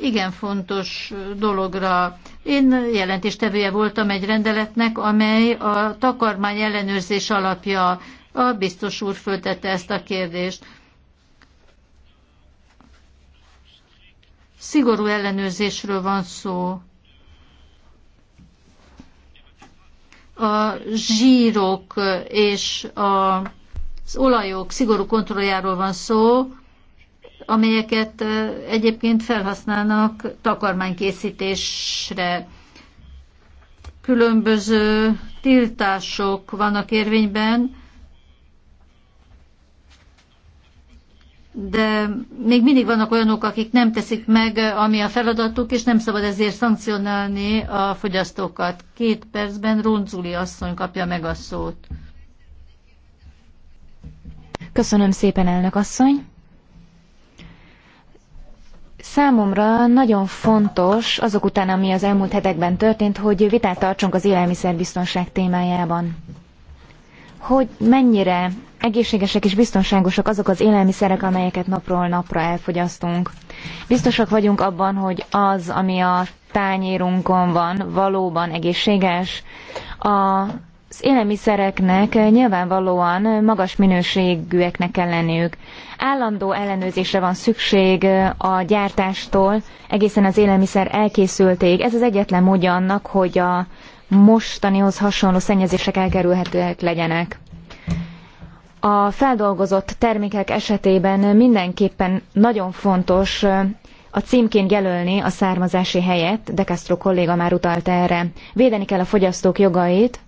igen fontos dologra. Én jelentéstevője voltam egy rendeletnek, amely a takarmány ellenőrzés alapja. A biztos úr föltette ezt a kérdést. Szigorú ellenőrzésről van szó. A zsírok és az olajok szigorú kontrolljáról van szó, amelyeket egyébként felhasználnak takarmánykészítésre. Különböző tiltások vannak érvényben, de még mindig vannak olyanok, akik nem teszik meg, ami a feladatuk, és nem szabad ezért szankcionálni a fogyasztókat. Két percben Ronzuli asszony kapja meg a szót. Köszönöm szépen, elnök asszony! Számomra nagyon fontos, azok után, ami az elmúlt hetekben történt, hogy vitát tartsunk az élelmiszerbiztonság témájában. Hogy mennyire egészségesek és biztonságosak azok az élelmiszerek, amelyeket napról napra elfogyasztunk. Biztosak vagyunk abban, hogy az, ami a tányérunkon van, valóban egészséges. A az élelmiszereknek nyilvánvalóan magas minőségűeknek kell lenniük. Állandó ellenőrzésre van szükség a gyártástól egészen az élelmiszer elkészültéig. Ez az egyetlen módja annak, hogy a mostanihoz hasonló szennyezések elkerülhetőek legyenek. A feldolgozott termékek esetében mindenképpen nagyon fontos a címként jelölni a származási helyet, De Castro kolléga már utalt erre. Védeni kell a fogyasztók jogait,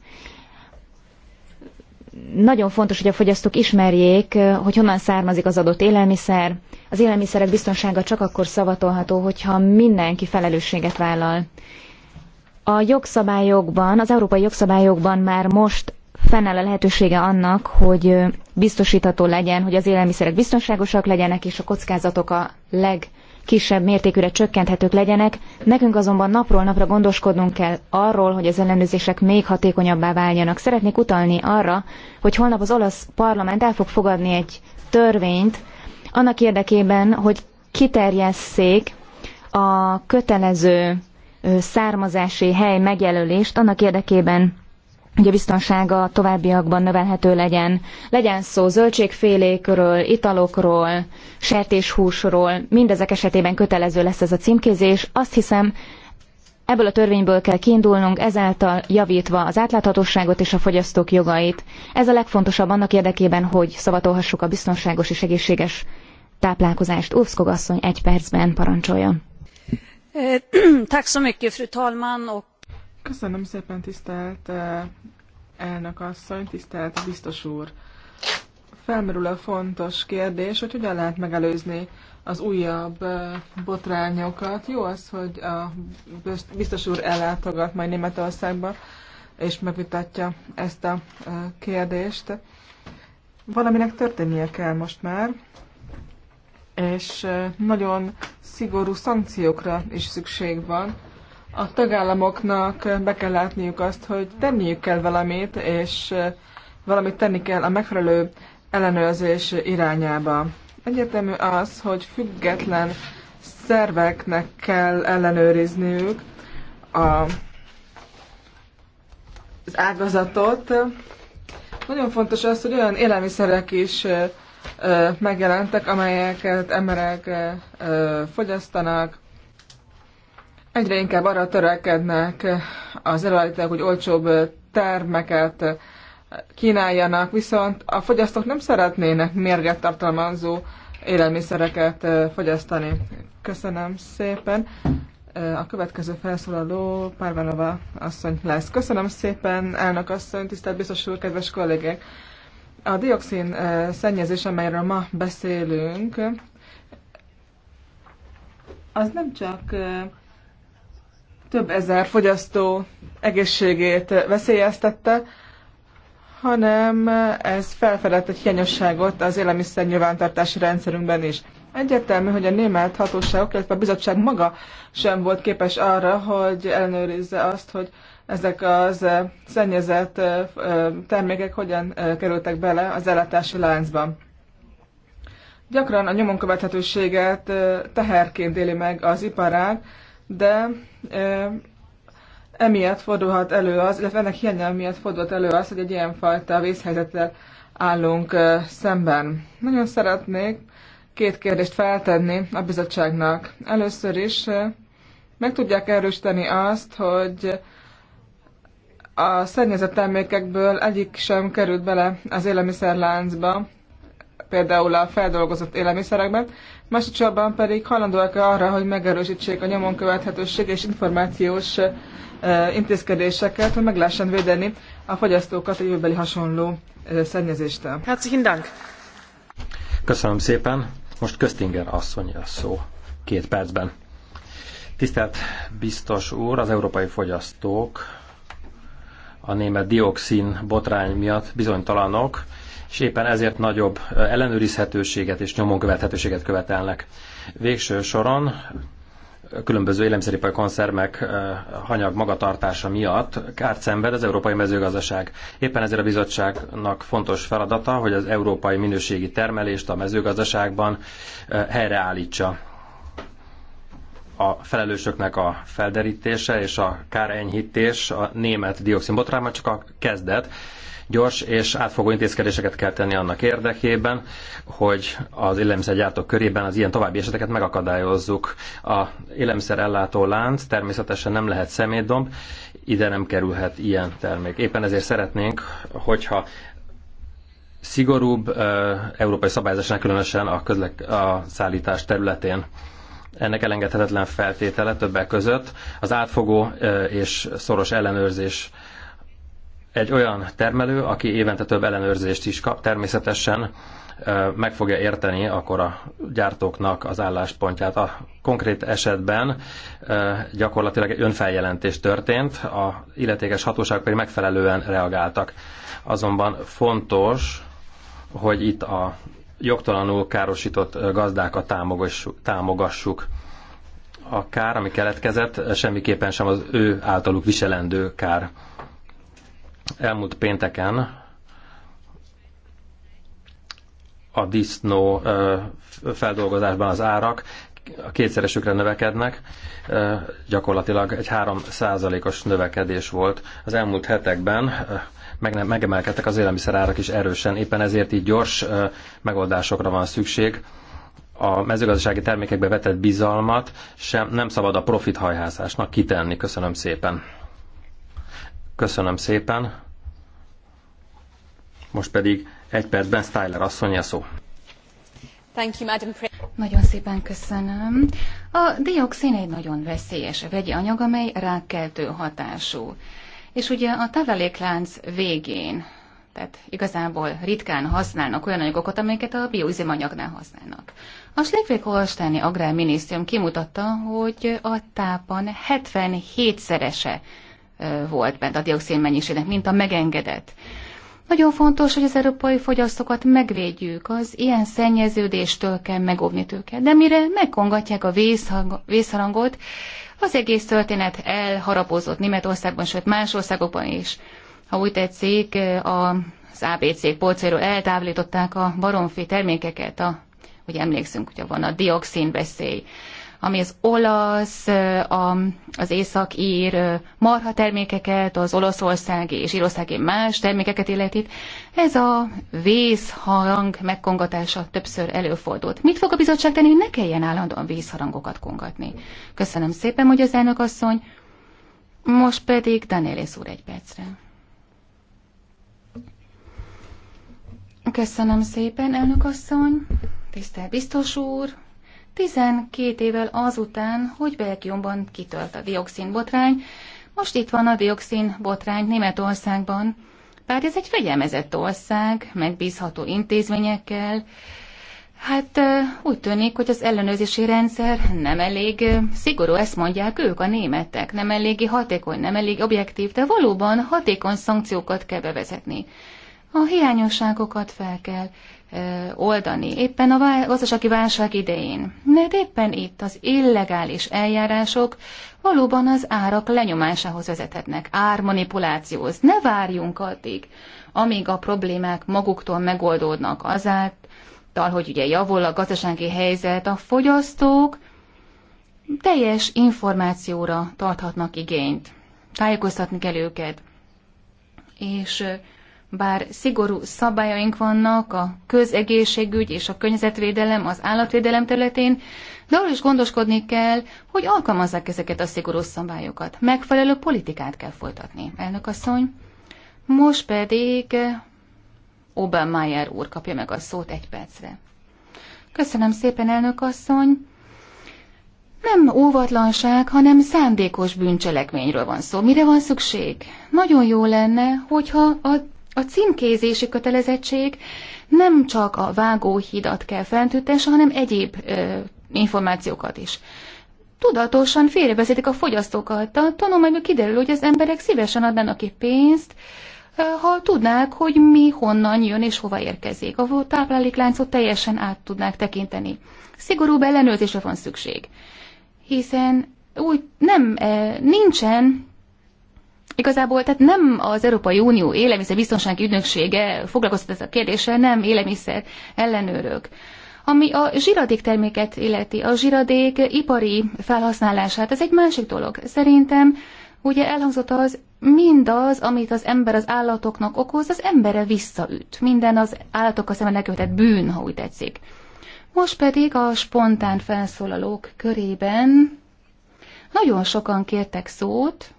nagyon fontos, hogy a fogyasztók ismerjék, hogy honnan származik az adott élelmiszer. Az élelmiszerek biztonsága csak akkor szavatolható, hogyha mindenki felelősséget vállal. A jogszabályokban, az európai jogszabályokban már most fennáll a lehetősége annak, hogy biztosítható legyen, hogy az élelmiszerek biztonságosak legyenek, és a kockázatok a leg kisebb mértékűre csökkenthetők legyenek, nekünk azonban napról napra gondoskodnunk kell arról, hogy az ellenőrzések még hatékonyabbá váljanak. Szeretnék utalni arra, hogy holnap az olasz parlament el fog fogadni egy törvényt, annak érdekében, hogy kiterjesszék a kötelező származási hely megjelölést annak érdekében, hogy a biztonsága továbbiakban növelhető legyen. Legyen szó zöldségfélékről, italokról, sertéshúsról, mindezek esetében kötelező lesz ez a címkézés. Azt hiszem, Ebből a törvényből kell kiindulnunk, ezáltal javítva az átláthatóságot és a fogyasztók jogait. Ez a legfontosabb annak érdekében, hogy szavatolhassuk a biztonságos és egészséges táplálkozást. Úvszkog asszony egy percben parancsolja. Eh, Tack så mycket, fru talman, och Köszönöm szépen, tisztelt eh, elnök asszony, tisztelt biztos úr. Felmerül a fontos kérdés, hogy hogyan lehet megelőzni az újabb eh, botrányokat. Jó az, hogy a biztos úr ellátogat majd Németországba, és megvitatja ezt a eh, kérdést. Valaminek történnie kell most már, és nagyon szigorú szankciókra is szükség van, a tagállamoknak be kell látniuk azt, hogy tenniük kell valamit, és valamit tenni kell a megfelelő ellenőrzés irányába. Egyetemű az, hogy független szerveknek kell ellenőrizniük a, az ágazatot. Nagyon fontos az, hogy olyan élelmiszerek is megjelentek, amelyeket emberek fogyasztanak, egyre inkább arra törekednek az előállítók, hogy olcsóbb termeket kínáljanak, viszont a fogyasztók nem szeretnének mérget tartalmazó élelmiszereket fogyasztani. Köszönöm szépen. A következő felszólaló Párvánova asszony lesz. Köszönöm szépen, elnök asszony, tisztelt biztos úr, kedves kollégek! A dioxin szennyezés, amelyről ma beszélünk, az nem csak több ezer fogyasztó egészségét veszélyeztette, hanem ez felfedett egy hiányosságot az élelmiszer nyilvántartási rendszerünkben is. Egyértelmű, hogy a német hatóságok, illetve a bizottság maga sem volt képes arra, hogy ellenőrizze azt, hogy ezek az szennyezett termékek hogyan kerültek bele az ellátási láncba. Gyakran a nyomon követhetőséget teherként éli meg az iparág, de emiatt fordulhat elő az, illetve ennek hiánya miatt fordulhat elő az, hogy egy ilyen fajta vészhelyzettel állunk szemben. Nagyon szeretnék két kérdést feltenni a bizottságnak. Először is meg tudják erősíteni azt, hogy a szennyezett termékekből egyik sem került bele az élelmiszerláncba, például a feldolgozott élelmiszerekben, másodszorban pedig hajlandóak-e arra, hogy megerősítsék a nyomon követhetőség és információs intézkedéseket, hogy meg lehessen védeni a fogyasztókat a jövőbeli hasonló szennyezéstől. Herzlichen Dank! Köszönöm szépen! Most Köztinger asszony a szó két percben. Tisztelt biztos úr, az európai fogyasztók a német dioxin botrány miatt bizonytalanok, és éppen ezért nagyobb ellenőrizhetőséget és nyomon követhetőséget követelnek. Végső soron különböző élelmiszeripari konszermek hanyag magatartása miatt kárt szenved az európai mezőgazdaság. Éppen ezért a bizottságnak fontos feladata, hogy az európai minőségi termelést a mezőgazdaságban helyreállítsa. A felelősöknek a felderítése és a kárenyhítés a német dioxinbotrányban csak a kezdet, Gyors és átfogó intézkedéseket kell tenni annak érdekében, hogy az élelmiszergyártók körében az ilyen további eseteket megakadályozzuk. A élelmiszerellátó lánc természetesen nem lehet szemétdomb, ide nem kerülhet ilyen termék. Éppen ezért szeretnénk, hogyha szigorúbb európai szabályozásnál, különösen a, közlek, a szállítás területén. Ennek elengedhetetlen feltétele többek között az átfogó és szoros ellenőrzés egy olyan termelő, aki évente több ellenőrzést is kap, természetesen meg fogja érteni akkor a gyártóknak az álláspontját. A konkrét esetben gyakorlatilag egy önfeljelentés történt, a illetékes hatóságok pedig megfelelően reagáltak. Azonban fontos, hogy itt a jogtalanul károsított gazdákat támogassuk. A kár, ami keletkezett, semmiképpen sem az ő általuk viselendő kár. Elmúlt pénteken a disznó feldolgozásban az árak a kétszeresükre növekednek, gyakorlatilag egy 3%-os növekedés volt. Az elmúlt hetekben megemelkedtek az élelmiszerárak is erősen, éppen ezért így gyors megoldásokra van szükség. A mezőgazdasági termékekbe vetett bizalmat sem nem szabad a profithajhászásnak kitenni. Köszönöm szépen. Köszönöm szépen. Most pedig egy percben Styler asszony a szó. Thank you, Madam nagyon szépen köszönöm. A dioxin egy nagyon veszélyes vegyi anyag, amely rákkeltő hatású. És ugye a táveléklánc végén, tehát igazából ritkán használnak olyan anyagokat, amelyeket a bioüzemanyagnál használnak. A Slégvég-Holsteini Agrárminisztérium kimutatta, hogy a tápan 77-szerese volt bent a dioxin mennyiségnek, mint a megengedett. Nagyon fontos, hogy az európai fogyasztókat megvédjük, az ilyen szennyeződéstől kell megóvni őket. De mire megkongatják a vészharangot, az egész történet elharapozott Németországban, sőt más országokban is. Ha úgy tetszik, az ABC polcairól eltávolították a baromfi termékeket, a, hogy emlékszünk, hogy van a dioxin veszély ami az olasz, a, az északír marha termékeket, az olaszországi és írországi más termékeket illeti. Ez a vészharang megkongatása többször előfordult. Mit fog a bizottság tenni, hogy ne kelljen állandóan vészharangokat kongatni? Köszönöm szépen, hogy az elnök asszony. Most pedig Danielis úr egy percre. Köszönöm szépen, elnök asszony, tisztelt biztos úr, 12 évvel azután, hogy Belgiumban kitölt a dioxinbotrány, most itt van a dioxinbotrány Németországban. Bár ez egy fegyelmezett ország, megbízható intézményekkel, Hát úgy tűnik, hogy az ellenőrzési rendszer nem elég szigorú, ezt mondják ők, a németek. Nem eléggé hatékony, nem elég objektív, de valóban hatékony szankciókat kell bevezetni. A hiányosságokat fel kell oldani, éppen a gazdasági válság idején. Mert éppen itt az illegális eljárások valóban az árak lenyomásához vezethetnek, ármanipulációhoz. Ne várjunk addig, amíg a problémák maguktól megoldódnak azáltal, hogy ugye javul a gazdasági helyzet, a fogyasztók teljes információra tarthatnak igényt. Tájékoztatni kell őket. És bár szigorú szabályaink vannak a közegészségügy és a környezetvédelem, az állatvédelem területén, de arról is gondoskodni kell, hogy alkalmazzák ezeket a szigorú szabályokat. Megfelelő politikát kell folytatni, elnök asszony. Most pedig Obermeyer úr kapja meg a szót egy percre. Köszönöm szépen, elnök asszony. Nem óvatlanság, hanem szándékos bűncselekményről van szó. Mire van szükség? Nagyon jó lenne, hogyha a a címkézési kötelezettség nem csak a vágóhidat kell fentütesse, hanem egyéb ö, információkat is. Tudatosan félrevezetik a fogyasztókat. A tanulmányban kiderül, hogy az emberek szívesen adnának ki pénzt, ha tudnák, hogy mi honnan jön és hova érkezik. A táplálékláncot teljesen át tudnák tekinteni. Szigorú ellenőrzésre van szükség, hiszen úgy nem, nincsen Igazából tehát nem az Európai Unió biztonsági ügynöksége foglalkoztat ezzel a kérdéssel, nem élelmiszer ellenőrök. Ami a zsiradékterméket illeti, a zsiradék ipari felhasználását, ez egy másik dolog. Szerintem ugye elhangzott az, mindaz, amit az ember az állatoknak okoz, az embere visszaüt. Minden az a szemben elkövetett bűn, ha úgy tetszik. Most pedig a spontán felszólalók körében nagyon sokan kértek szót,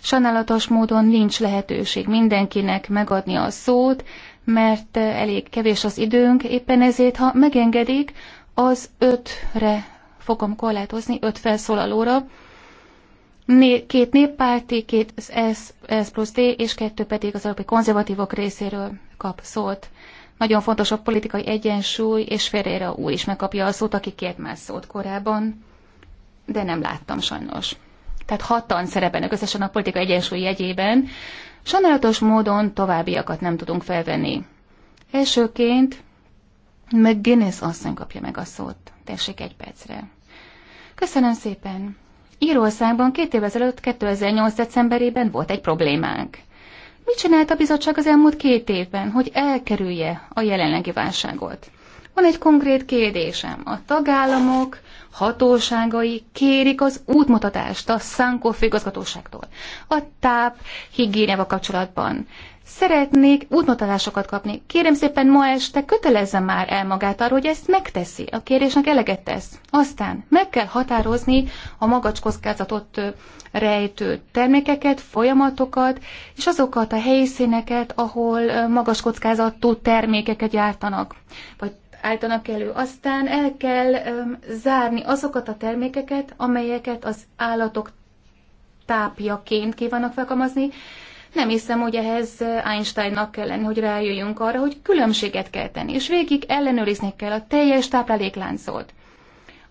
Sajnálatos módon nincs lehetőség mindenkinek megadni a szót, mert elég kevés az időnk, éppen ezért, ha megengedik, az ötre fogom korlátozni, öt felszólalóra, két néppárti, két S, S plusz D, és kettő pedig az európai konzervatívok részéről kap szót. Nagyon fontos a politikai egyensúly, és Ferreira úr is megkapja a szót, aki kért már szót korábban, de nem láttam sajnos tehát hatan szerepelnek összesen a politika egyensúly jegyében. Sajnálatos módon továbbiakat nem tudunk felvenni. Elsőként meg Guinness asszony kapja meg a szót. Tessék egy percre. Köszönöm szépen. Írországban két évvel ezelőtt, 2008. decemberében volt egy problémánk. Mit csinált a bizottság az elmúlt két évben, hogy elkerülje a jelenlegi válságot? Van egy konkrét kérdésem. A tagállamok hatóságai kérik az útmutatást a Szankó főigazgatóságtól. A táp higiéniával kapcsolatban. Szeretnék útmutatásokat kapni. Kérem szépen ma este kötelezze már el magát arról, hogy ezt megteszi. A kérésnek eleget tesz. Aztán meg kell határozni a magacs kockázatot rejtő termékeket, folyamatokat, és azokat a helyszíneket, ahol magas kockázatú termékeket gyártanak, vagy állítanak elő. Aztán el kell um, zárni azokat a termékeket, amelyeket az állatok tápjaként kívánnak felkalmazni. Nem hiszem, hogy ehhez Einsteinnak kell lenni, hogy rájöjjünk arra, hogy különbséget kell tenni, és végig ellenőrizni kell a teljes táplálékláncot.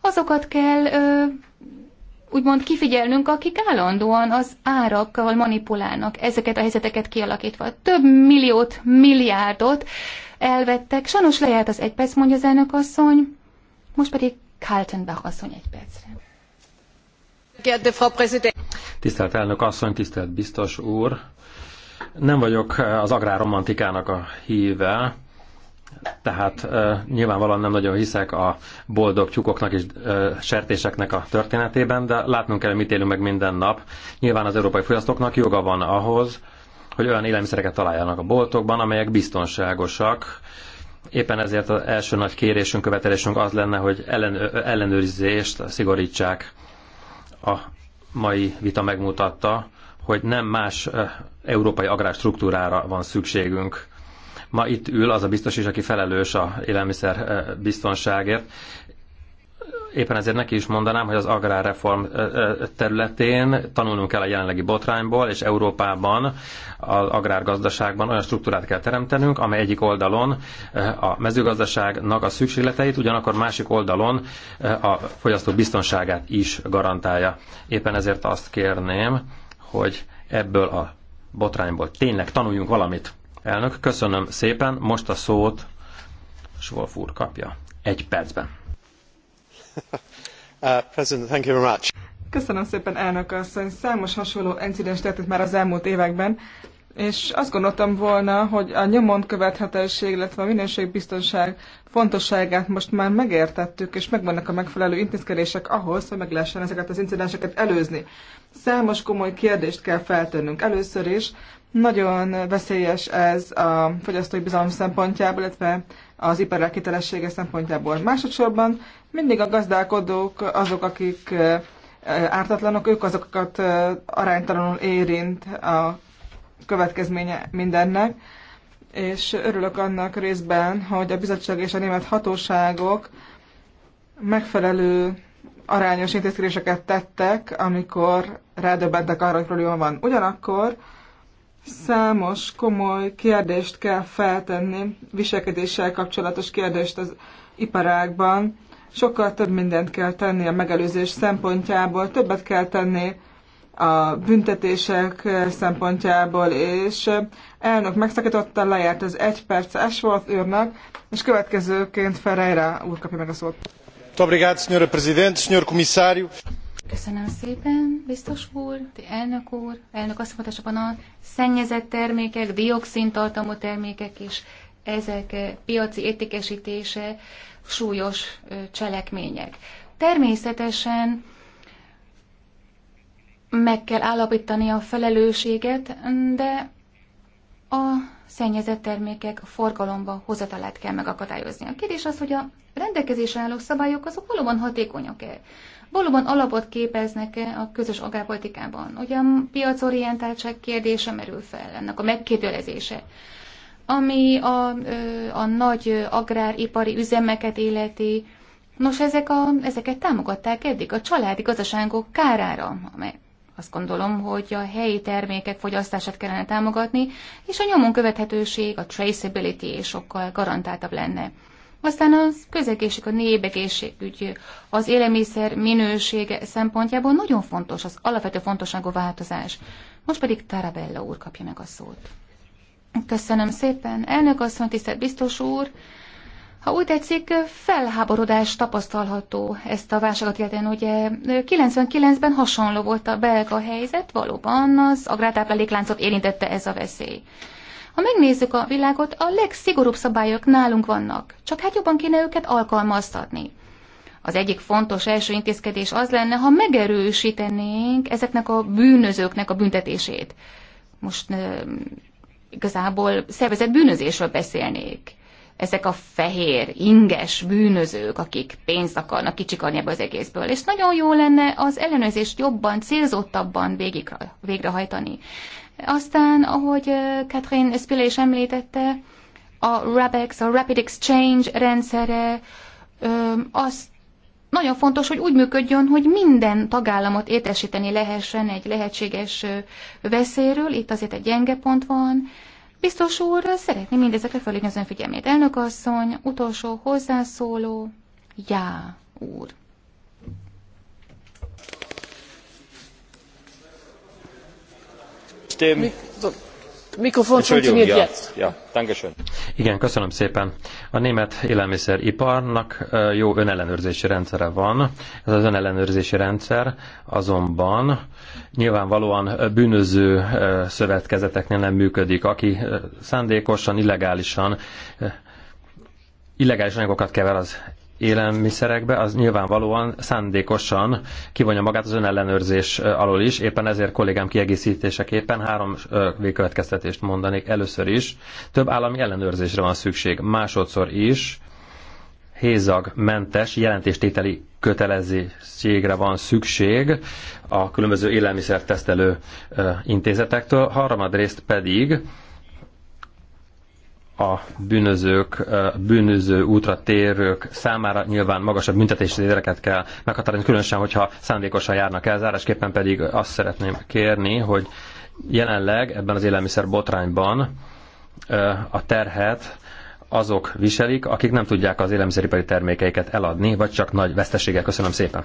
Azokat kell ö, úgymond kifigyelnünk, akik állandóan az árakkal manipulálnak, ezeket a helyzeteket kialakítva. Több milliót, milliárdot elvettek. Sajnos lejárt az egy perc, mondja az elnök asszony. Most pedig Kaltenbach asszony egy percre. Tisztelt elnök asszony, tisztelt biztos úr! Nem vagyok eh, az agrárromantikának a híve, tehát eh, nyilvánvalóan nem nagyon hiszek a boldog tyúkoknak és eh, sertéseknek a történetében, de látnunk kell, mit élünk meg minden nap. Nyilván az európai fogyasztóknak joga van ahhoz, hogy olyan élelmiszereket találjanak a boltokban, amelyek biztonságosak. Éppen ezért az első nagy kérésünk, követelésünk az lenne, hogy ellen, szigorítsák. A mai vita megmutatta, hogy nem más európai agrárstruktúrára van szükségünk. Ma itt ül az a biztos is, aki felelős a élelmiszer biztonságért, éppen ezért neki is mondanám, hogy az agrárreform területén tanulnunk kell a jelenlegi botrányból, és Európában az agrárgazdaságban olyan struktúrát kell teremtenünk, amely egyik oldalon a mezőgazdaságnak a szükségleteit, ugyanakkor másik oldalon a fogyasztó biztonságát is garantálja. Éppen ezért azt kérném, hogy ebből a botrányból tényleg tanuljunk valamit. Elnök, köszönöm szépen, most a szót Svolf úr kapja. Egy percben. Uh, Köszönöm szépen, elnök asszony. Számos hasonló incidens történt már az elmúlt években, és azt gondoltam volna, hogy a nyomon követhetőség, illetve a minőségbiztonság fontosságát most már megértettük, és megvannak a megfelelő intézkedések ahhoz, hogy meg lehessen ezeket az incidenseket előzni. Számos komoly kérdést kell feltennünk. Először is nagyon veszélyes ez a fogyasztói bizalom szempontjából, illetve az iparák hitelessége szempontjából. Másodszorban mindig a gazdálkodók azok, akik ártatlanok, ők azokat aránytalanul érint a következménye mindennek, és örülök annak részben, hogy a bizottság és a német hatóságok megfelelő arányos intézkedéseket tettek, amikor rádöbbentek arra, hogy probléma van. Ugyanakkor Számos komoly kérdést kell feltenni, viselkedéssel kapcsolatos kérdést az iparágban. Sokkal több mindent kell tenni a megelőzés szempontjából, többet kell tenni a büntetések szempontjából, és elnök megszakította, lejárt az egy perc volt őrnek, és következőként Ferreira úr kapja meg a szót. Obrigado, Sr. presidente, Sr. comissário. Köszönöm szépen, biztos úr, elnök úr, elnök azt mondta, csak a szennyezett termékek, dioxintartalmú termékek és ezek eh, piaci értékesítése súlyos eh, cselekmények. Természetesen meg kell állapítani a felelősséget, de a szennyezett termékek forgalomba hozatalát kell megakadályozni. A kérdés az, hogy a rendelkezésre álló szabályok azok valóban hatékonyak-e? Valóban alapot képeznek-e a közös agrárpolitikában? Ugye a piacorientáltság kérdése merül fel, ennek a megkérdőlezése ami a, a nagy agráripari üzemeket életi. Nos, ezek a, ezeket támogatták eddig a családi gazdaságok kárára, amely azt gondolom, hogy a helyi termékek fogyasztását kellene támogatni, és a nyomon követhetőség, a traceability sokkal garantáltabb lenne. Aztán a közegészség, a népegészségügy, az élelmiszer minősége szempontjából nagyon fontos, az alapvető fontosságú változás. Most pedig Tarabella úr kapja meg a szót. Köszönöm szépen, elnök asszony, tisztelt biztos úr! ha úgy tetszik, felháborodás tapasztalható ezt a válságot illetően. Ugye 99-ben hasonló volt a belga helyzet, valóban az agrátápláléklánzot érintette ez a veszély. Ha megnézzük a világot, a legszigorúbb szabályok nálunk vannak, csak hát jobban kéne őket alkalmaztatni. Az egyik fontos első intézkedés az lenne, ha megerősítenénk ezeknek a bűnözőknek a büntetését. Most igazából szervezett bűnözésről beszélnék ezek a fehér, inges bűnözők, akik pénzt akarnak kicsikarni ebből az egészből. És nagyon jó lenne az ellenőrzést jobban, célzottabban végig, végrehajtani. Aztán, ahogy Catherine Spiller is említette, a RABEX, a Rapid Exchange rendszere, az nagyon fontos, hogy úgy működjön, hogy minden tagállamot értesíteni lehessen egy lehetséges veszélyről, itt azért egy gyenge pont van, Biztos úr, szeretném mindezekre felhívni az ön figyelmét. Elnök asszony, utolsó hozzászóló, Já úr. Stimmt. Mikrofon funktioniert jetzt. Ja, Igen, köszönöm szépen. A német élelmiszeriparnak jó önellenőrzési rendszere van. Ez az önellenőrzési rendszer azonban nyilvánvalóan bűnöző szövetkezeteknél nem működik. Aki szándékosan, illegálisan illegális anyagokat kever az élelmiszerekbe, az nyilvánvalóan szándékosan kivonja magát az önellenőrzés alól is, éppen ezért kollégám kiegészítéseképpen három végkövetkeztetést mondanék. Először is több állami ellenőrzésre van szükség, másodszor is Hézag mentes jelentéstételi kötelezettségre van szükség a különböző élelmiszer tesztelő intézetektől, harmadrészt pedig a bűnözők, bűnöző útra térők számára nyilván magasabb büntetési éreket kell meghatározni, különösen, hogyha szándékosan járnak el. Zárásképpen pedig azt szeretném kérni, hogy jelenleg ebben az élelmiszer botrányban a terhet azok viselik, akik nem tudják az élelmiszeripari termékeiket eladni, vagy csak nagy veszteséggel. Köszönöm szépen.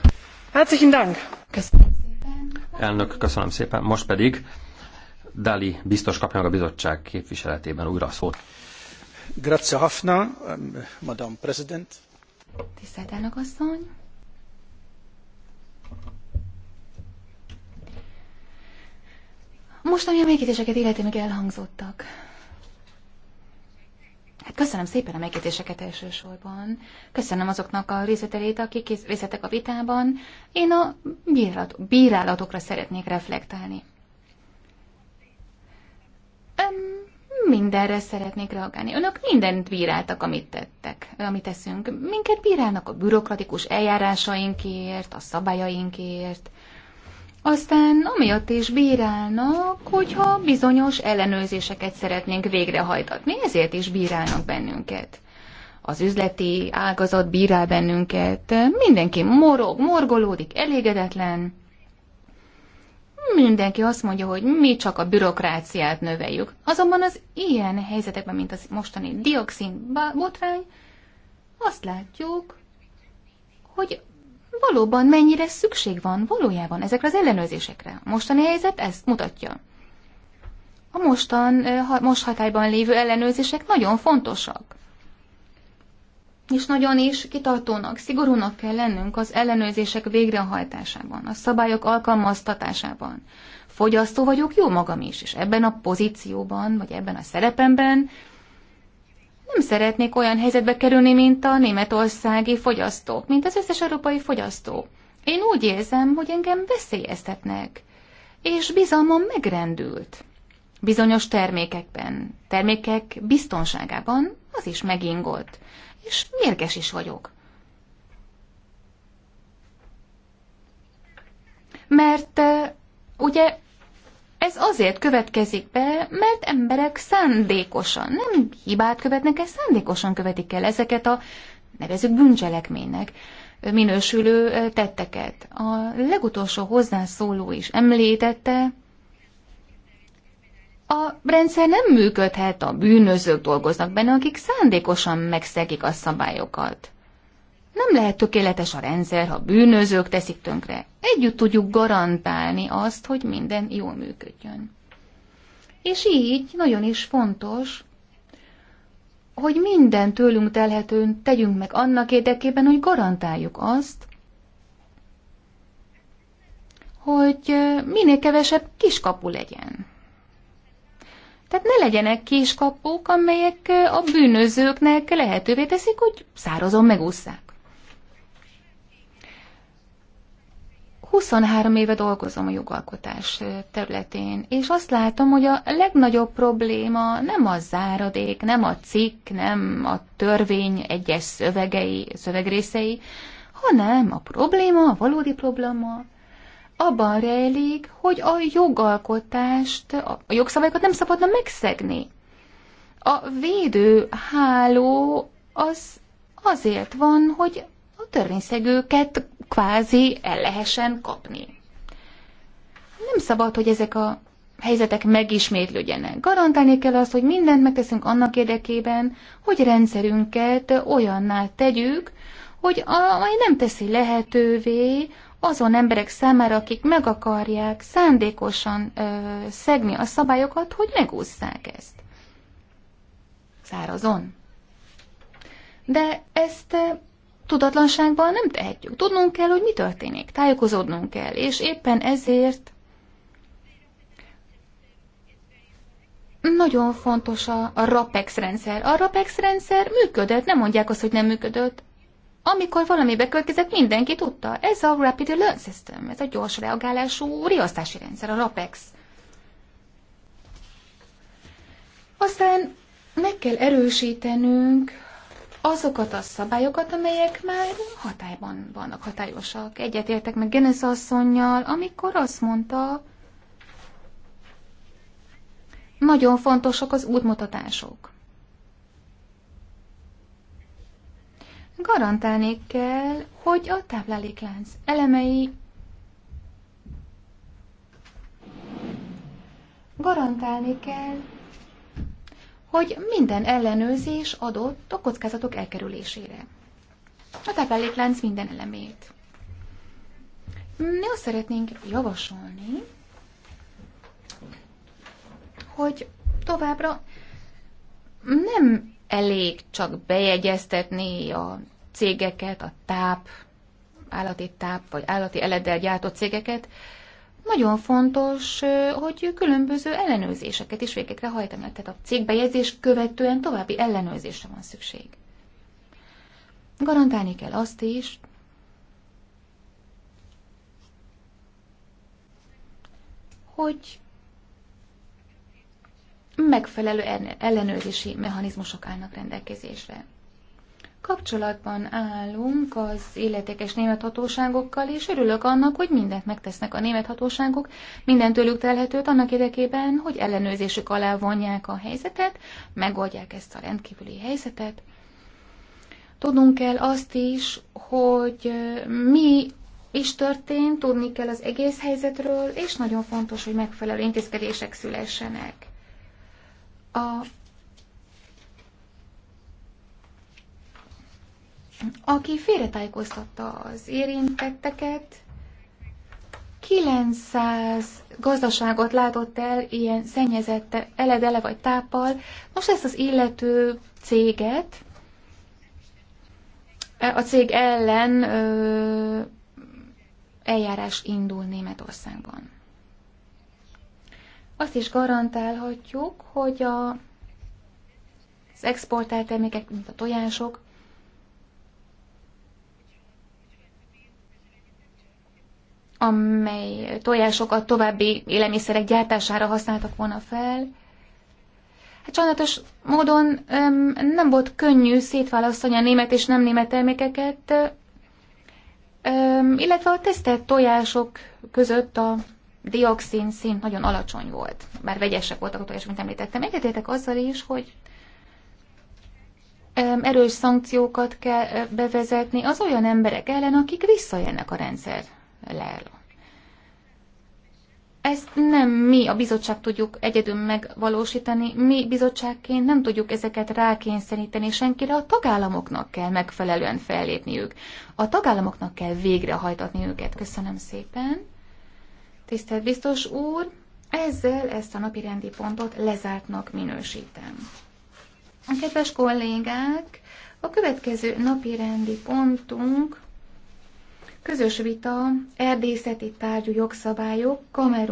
Herzlichen Dank. Köszönöm szépen. Elnök, köszönöm szépen. Most pedig Dali biztos kapja meg a bizottság képviseletében újra a szót. Grazie Hafna, um, Madame President. Tisztelt elnök asszony! Most, ami a megítéseket illeti, meg elhangzottak. Hát köszönöm szépen a megítéseket elsősorban. Köszönöm azoknak a részvételét, akik részletek a vitában. Én a bírálat, bírálatokra szeretnék reflektálni mindenre szeretnék reagálni. Önök mindent bíráltak, amit tettek, amit teszünk. Minket bírálnak a bürokratikus eljárásainkért, a szabályainkért. Aztán amiatt is bírálnak, hogyha bizonyos ellenőrzéseket szeretnénk végrehajtatni, ezért is bírálnak bennünket. Az üzleti ágazat bírál bennünket, mindenki morog, morgolódik, elégedetlen. Mindenki azt mondja, hogy mi csak a bürokráciát növeljük. Azonban az ilyen helyzetekben, mint az mostani dioxin botrány, azt látjuk, hogy valóban mennyire szükség van valójában ezekre az ellenőrzésekre. A mostani helyzet ezt mutatja. A mostan, most hatályban lévő ellenőrzések nagyon fontosak és nagyon is kitartónak, szigorúnak kell lennünk az ellenőrzések végrehajtásában, a szabályok alkalmaztatásában. Fogyasztó vagyok, jó magam is, és ebben a pozícióban, vagy ebben a szerepemben nem szeretnék olyan helyzetbe kerülni, mint a németországi fogyasztók, mint az összes európai fogyasztó. Én úgy érzem, hogy engem veszélyeztetnek, és bizalmam megrendült. Bizonyos termékekben, termékek biztonságában az is megingott és mérges is vagyok. Mert ugye ez azért következik be, mert emberek szándékosan, nem hibát követnek el, szándékosan követik el ezeket a nevezük bűncselekménynek minősülő tetteket. A legutolsó hozzászóló is említette, a rendszer nem működhet, a bűnözők dolgoznak benne, akik szándékosan megszegik a szabályokat. Nem lehet tökéletes a rendszer, ha bűnözők teszik tönkre. Együtt tudjuk garantálni azt, hogy minden jól működjön. És így nagyon is fontos, hogy minden tőlünk telhetőn tegyünk meg annak érdekében, hogy garantáljuk azt, hogy minél kevesebb kiskapu legyen. Tehát ne legyenek kiskapuk, amelyek a bűnözőknek lehetővé teszik, hogy szárazon megúszszák. 23 éve dolgozom a jogalkotás területén, és azt látom, hogy a legnagyobb probléma nem a záradék, nem a cikk, nem a törvény egyes szövegei, szövegrészei, hanem a probléma, a valódi probléma abban rejlik, hogy a jogalkotást, a jogszabályokat nem szabadna megszegni. A védő háló az azért van, hogy a törvényszegőket kvázi el lehessen kapni. Nem szabad, hogy ezek a helyzetek megismétlődjenek. Garantálni kell azt, hogy mindent megteszünk annak érdekében, hogy rendszerünket olyanná tegyük, hogy a, nem teszi lehetővé azon emberek számára, akik meg akarják szándékosan ö, szegni a szabályokat, hogy megúszszák ezt. Szárazon. De ezt tudatlanságban nem tehetjük. Tudnunk kell, hogy mi történik, tájékozódnunk kell, és éppen ezért nagyon fontos a, a RAPEX rendszer. A RAPEX rendszer működött, nem mondják azt, hogy nem működött amikor valami bekövetkezett, mindenki tudta. Ez a Rapid Learn System, ez a gyors reagálású riasztási rendszer, a RAPEX. Aztán meg kell erősítenünk azokat a szabályokat, amelyek már hatályban vannak, hatályosak. Egyetértek meg Genes asszonynal, amikor azt mondta, nagyon fontosak az útmutatások. garantálni kell, hogy a tápláléklánc elemei garantálni kell, hogy minden ellenőrzés adott a kockázatok elkerülésére. A tápláléklánc minden elemét. Mi azt szeretnénk javasolni, hogy továbbra nem elég csak bejegyeztetni a cégeket, a táp, állati táp vagy állati eleddel gyártott cégeket, nagyon fontos, hogy különböző ellenőrzéseket is végekre hajtani. Tehát a cégbejegyzés követően további ellenőrzésre van szükség. Garantálni kell azt is, hogy megfelelő ellenőrzési mechanizmusok állnak rendelkezésre. Kapcsolatban állunk az illetékes német hatóságokkal, és örülök annak, hogy mindent megtesznek a német hatóságok, minden tőlük telhetőt annak érdekében, hogy ellenőrzésük alá vonják a helyzetet, megoldják ezt a rendkívüli helyzetet. Tudnunk kell azt is, hogy mi is történt, tudni kell az egész helyzetről, és nagyon fontos, hogy megfelelő intézkedések szülessenek. A aki félretájékoztatta az érintetteket, 900 gazdaságot látott el ilyen szennyezett eledele vagy táppal. Most ezt az illető céget, e, a cég ellen ö, eljárás indul Németországban. Azt is garantálhatjuk, hogy a, az exportált termékek, mint a tojások, amely tojásokat további élelmiszerek gyártására használtak volna fel. Hát sajnálatos módon öm, nem volt könnyű szétválasztani a német és nem német termékeket, öm, illetve a tesztelt tojások között a dioxin szint nagyon alacsony volt. Bár vegyesek voltak a tojások, mint említettem. Egyetértek azzal is, hogy erős szankciókat kell bevezetni az olyan emberek ellen, akik visszajönnek a rendszer le. Ezt nem mi, a bizottság tudjuk egyedül megvalósítani, mi bizottságként nem tudjuk ezeket rákényszeríteni senkire, a tagállamoknak kell megfelelően fellépniük. A tagállamoknak kell végrehajtatni őket. Köszönöm szépen. Tisztelt biztos úr, ezzel ezt a napi rendi pontot lezártnak minősítem. A kedves kollégák, a következő napi rendi pontunk Közös vita, erdészeti tárgyú jogszabályok, Kamerun